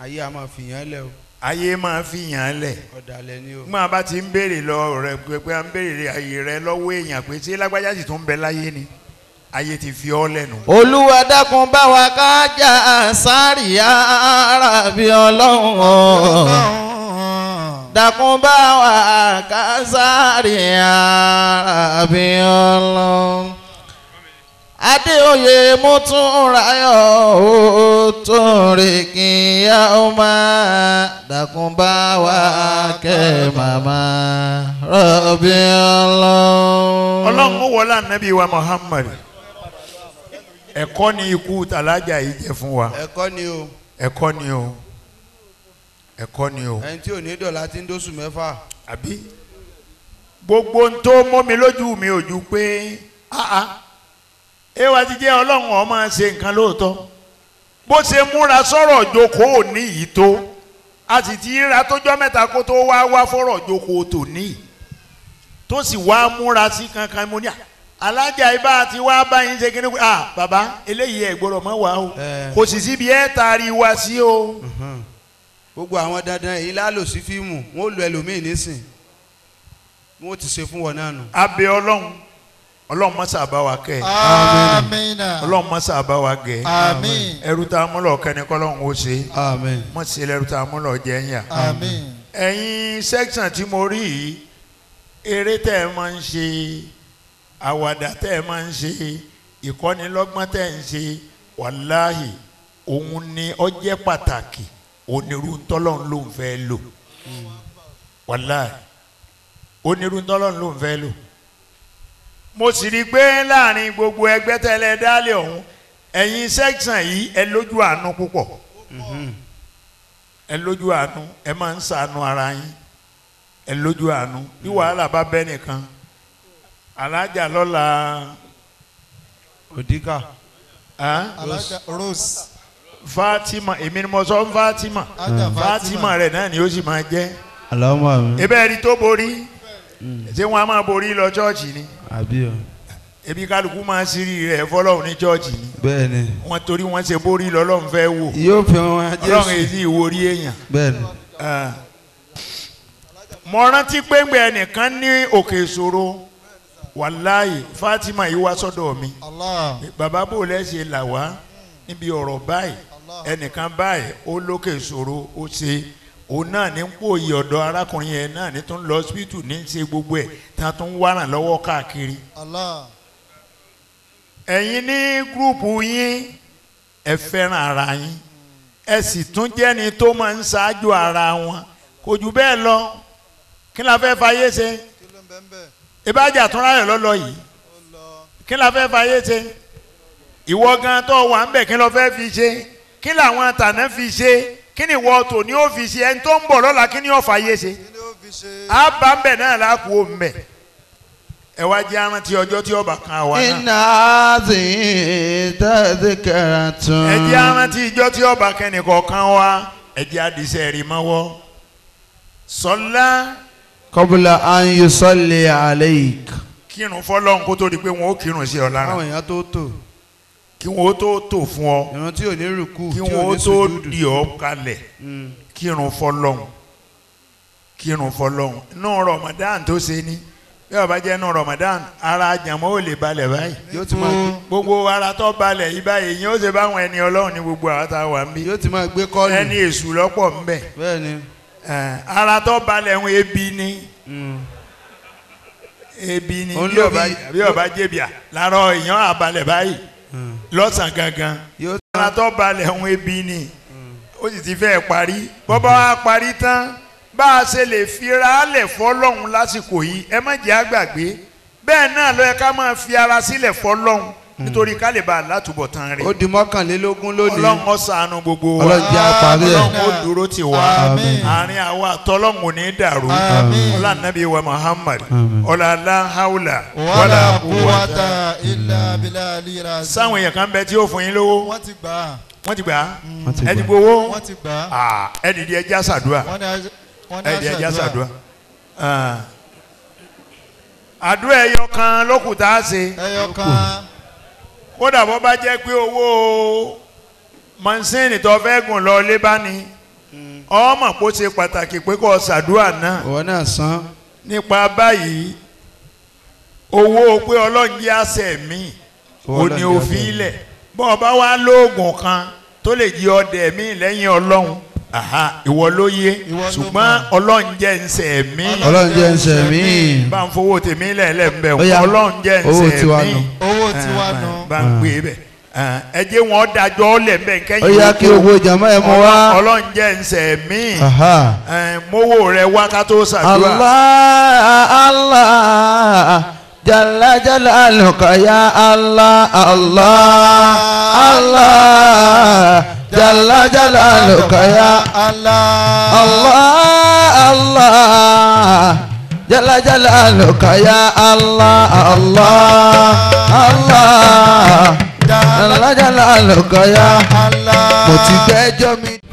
Speaker 2: ayé a máa fi yàn lẹ̀ o. ayé máa fi yàn lẹ̀. ọ̀dàlẹ̀ ni o. máa bá ti ń béèrè lọ rẹ pé à ń béèrè ayé rẹ lọ́wọ́ èèyàn pé ṣé lágbájá sì tún bẹ láyé ni ayé ti fi ọ́ lẹ́nu.
Speaker 1: olúwa dákun bá wa ká jà sáré ara bí ọlọ́run. Dakunbawa Kazaria Abíọ́lá. Adéoyè Mọ́túnráyọ̀ ó tún rè kí á ó máa Dakunbawa kẹ́ màmá
Speaker 2: Abíọ́lá. Ọlọ́run ó wọlé ànábì wa Muhammad. Ẹ̀kọ́ ni ikú Tàlájà yìí jẹ́ fún wa. Ẹ̀kọ́ ni o. Ẹ̀kọ́ ni o. ẹ̀kọ́ ni o. ẹni tí ò ní dọ̀la ti ń dóṣù mẹ́fà. àbí gbogbo ń tó mọ́ mi lójú mi ò ju pé ẹ wá ti jẹ́ ọlọ́run ó ṣe nǹkan lóòótọ́ bó ṣe múra sọ̀rọ̀ jókòó ní yìí tó a sì ti ra tójọ́ mẹ́ta kó tó wá wá fọ́rọ̀ jókòó tò ní tó sì wá múra sí kankan mo ní alájà ibà ti wá báyìí ṣe kíni ah baba, eléyìí ẹ̀ gbọ́dọ̀ mọ́ wá o kò sì síbi ẹ̀ tari wá sí o. Uh -huh gbogbo àwọn dandan èyí lálò sí fíìmù wọn ò lo ẹlòmíì nísìn wọn ò ti ṣe fún wọn náà nù. abẹ Ọlọ́run Ọlọ́run mọsà bá wa kẹ́ àmín Ọlọ́run mọsà bá wa gẹ́ àmín ẹrú tá a múlò kẹni kọlọrun ó ṣe mọ sí ẹrú tá a múlò jẹ ń yà àmín ẹ̀yin tí mo rí yìí eré tẹ́ ẹ máa ń ṣe àwàdà tẹ́ ẹ máa ń ṣe ìkọ́nilọ́gbọ́n tẹ́ ẹ ń ṣe wàláhì òun ni ó jẹ́ pàtàkì onírú ntọ́lọ́run ló ń fẹ́ lò wàláì onírú ntọ́lọ́run ló ń fẹ́ lò mo sì rí i pé láàrin gbogbo ẹgbẹ́ tẹ́lẹ̀ dálẹ̀ ọ̀hún ẹ̀yin sẹ́ksàn yìí ẹ lójú àánú púpọ̀ mhm. ẹ lójú àánú ẹ máa ń ṣàánú ara yín ẹ lójú àánú bí wàhálà bá bẹ́ nìkan alájà lọ́la. odika. alájà rose fatima èmi ni mo sọ fatima fatima rẹ náà ni ó sì máa jẹ ebe ẹni tó borí ṣé wọn a máa borí lọ chọọchì ni ebi kálukú máa siri rẹ fọlọ́run ní chọọchì ni bẹ́ẹ̀ni wọn torí wọn ṣe borí lọ́lọ́run fẹ́ wò yóò fi wọn jésù Ọlọ́run èyí ìwòrí èèyàn bẹ́ẹ̀ni. Ah. mo rántí péńgbẹ ẹnìkan ní òkè ìṣòro wàláyé fatima yìí wá sọ́dọ̀ mi bàbá bò lẹ ṣe là níbi ọ̀rọ̀ báyìí ẹnìkan báyìí ó lókè ìṣòro ó ṣe òun náà ní pòyì ọ̀dọ̀ arákùnrin yẹn náà ní tún lọ síbítù ní ṣe gbogbo ẹ̀ tá a tún wá ràn lọ́wọ́ káàkiri. ẹ̀yin ní gúrùpù yín ẹ fẹ́ràn ara yín ẹ sì tún jẹ́ni tó máa ń ṣáájú ara wọn kò jù bẹ́ẹ̀ lọ kí la fẹ́ fayé ṣe ìbájà tún ráyọ̀ lọ́lọ́ yìí kí la fẹ́ fayé ṣe ìwọ gan tó wà ń bẹ̀ kí ló fẹ́ fi ṣe kí làwọn tàná fi ṣe kí ni wọ́n tò ní ó fi ṣe ẹni tó ń bọ̀ lọ́la kí ni ọ̀fà yé ṣe á bá ń bẹ̀ náà láàkú ó ń bẹ̀ ẹ wá jẹ́ aran ti ọjọ́ tí ọba kan wà náà.
Speaker 1: iná ti tẹ̀sí kẹrẹ tún. ẹ jẹ́ aran
Speaker 2: ti ìjọ tí ọba kẹ́nìkọ̀ọ̀kan wá ẹ jẹ́ àdìsẹ́ rí mọ́wọ́ sọlá.
Speaker 1: kọ́bùlà an yusalli
Speaker 2: alayk. kírun fọlọ́n kó tó di pé wọn ó kírun sí ọ lára. àwọn èèyàn tó tò kí wọn ó tó tò fún ọ ìran tí ò ní rúkú kí wọn ó tó di ọ kalẹ̀ hmm. kírun fọlọ́hún kírun fọlọ́hún inú Ramadan tó ṣe ni bí ọba jẹ́ inú Ramadan ara àjàmọ́ ò lè balẹ̀ báyìí yóò ti máa gbé hmm. gbogbo ara tó balẹ̀ yìí báyìí yín ó ṣe báwọn ẹni Ọlọ́run ní gbogbo àwọn tá a wà ń bí yóò ti máa gbé kọ́ọ̀lù ẹni èṣù lọ́pọ̀ ń bẹ bẹ́ẹ̀ni eh, ara tó balẹ̀ ń ebi ni hmm. ebi ni bí ọba jẹ́bíà lára èèyàn àbalẹ̀ báyìí lọ́sàn gangan ara tó balẹ̀ ń ebi ni ó sì ti fẹ́ parí bó bá parí tán bá a ṣe lè fira lẹ̀ fọ́lọ́hún lásìkò yìí ẹ má jẹ́ àgbàgbé bẹ́ẹ̀ náà ló yẹ ká máa fi ara sílẹ̀ fọ́lọ́hún Mm. nítorí ká lè bá a látúbọ̀ tán rè. ó di mọ́kànlélógún lónìí. ọlọ́run ó ṣàánú gbogbo wa ọlọ́run jẹ́ àparí ẹ̀ ọlọ́run ó dúró ti wá àárín àwa àtọ́lọ́run ò ní dàrú ọlá nàbí wa muhammad ọlá aláhàwùlà wàlà kúwàtà ilà bílà lira. sáwọn èèyàn kan bẹ tí yóò fún yín lówó. wọ́n ti gbà á. wọ́n ti gbà á. ẹ mm. ti gbowó. wọ́n ti gbà ẹ dìde ẹ já sàdúrà. ẹ dìde ẹ já sàdúrà àdúrà ẹyọ kan lókùtà ṣe. ẹyọ kan. kódà bó bá jẹ́ pé owó mọ̀nsíìnì tó fẹ́ gùn lọ lé bá ní ọmọ kó ṣe pàtàkì pé kó ṣàdúrà náà òun náà san nípa báyìí owó pé ọlọ́ọ̀gí jẹ́ àṣẹ mi ò ní òfin ilẹ̀ bó o bá wá lóògùn kan tó lè jí ọdẹ mi lẹ́yìn ọlọ́run ìwọ ló yé ṣùgbọ́n ọlọ́run jẹ́ ń sẹ̀ mí. ọlọ́run jẹ́ ń sẹ̀ mí. bá ń fowó tèmi lẹ́lẹ́ ń bẹ̀ ọlọ́run jẹ́ ń sẹ̀ mí. owó tiwa ah, nù. bá ń gbé bẹ̀ ah, ẹ jẹ́ wọn dájọ́ lẹ̀ bẹ́ẹ̀ kẹ́yìn. ó yá kí owó
Speaker 1: jama ẹ mọ wá. ọlọ́run
Speaker 2: jẹ́ ǹsẹ̀ mí. Eh, mowó rẹ wá ká tó ṣàdúrà. Allah
Speaker 1: Allah jalla jalaluka ya Allah Allah Allah jalla jalaluka ya Allah Allah Allah jalla jalaluka ya Allah Allah Allah jalla jalaluka ya Allah mo ti gbẹ́jọ́ mi.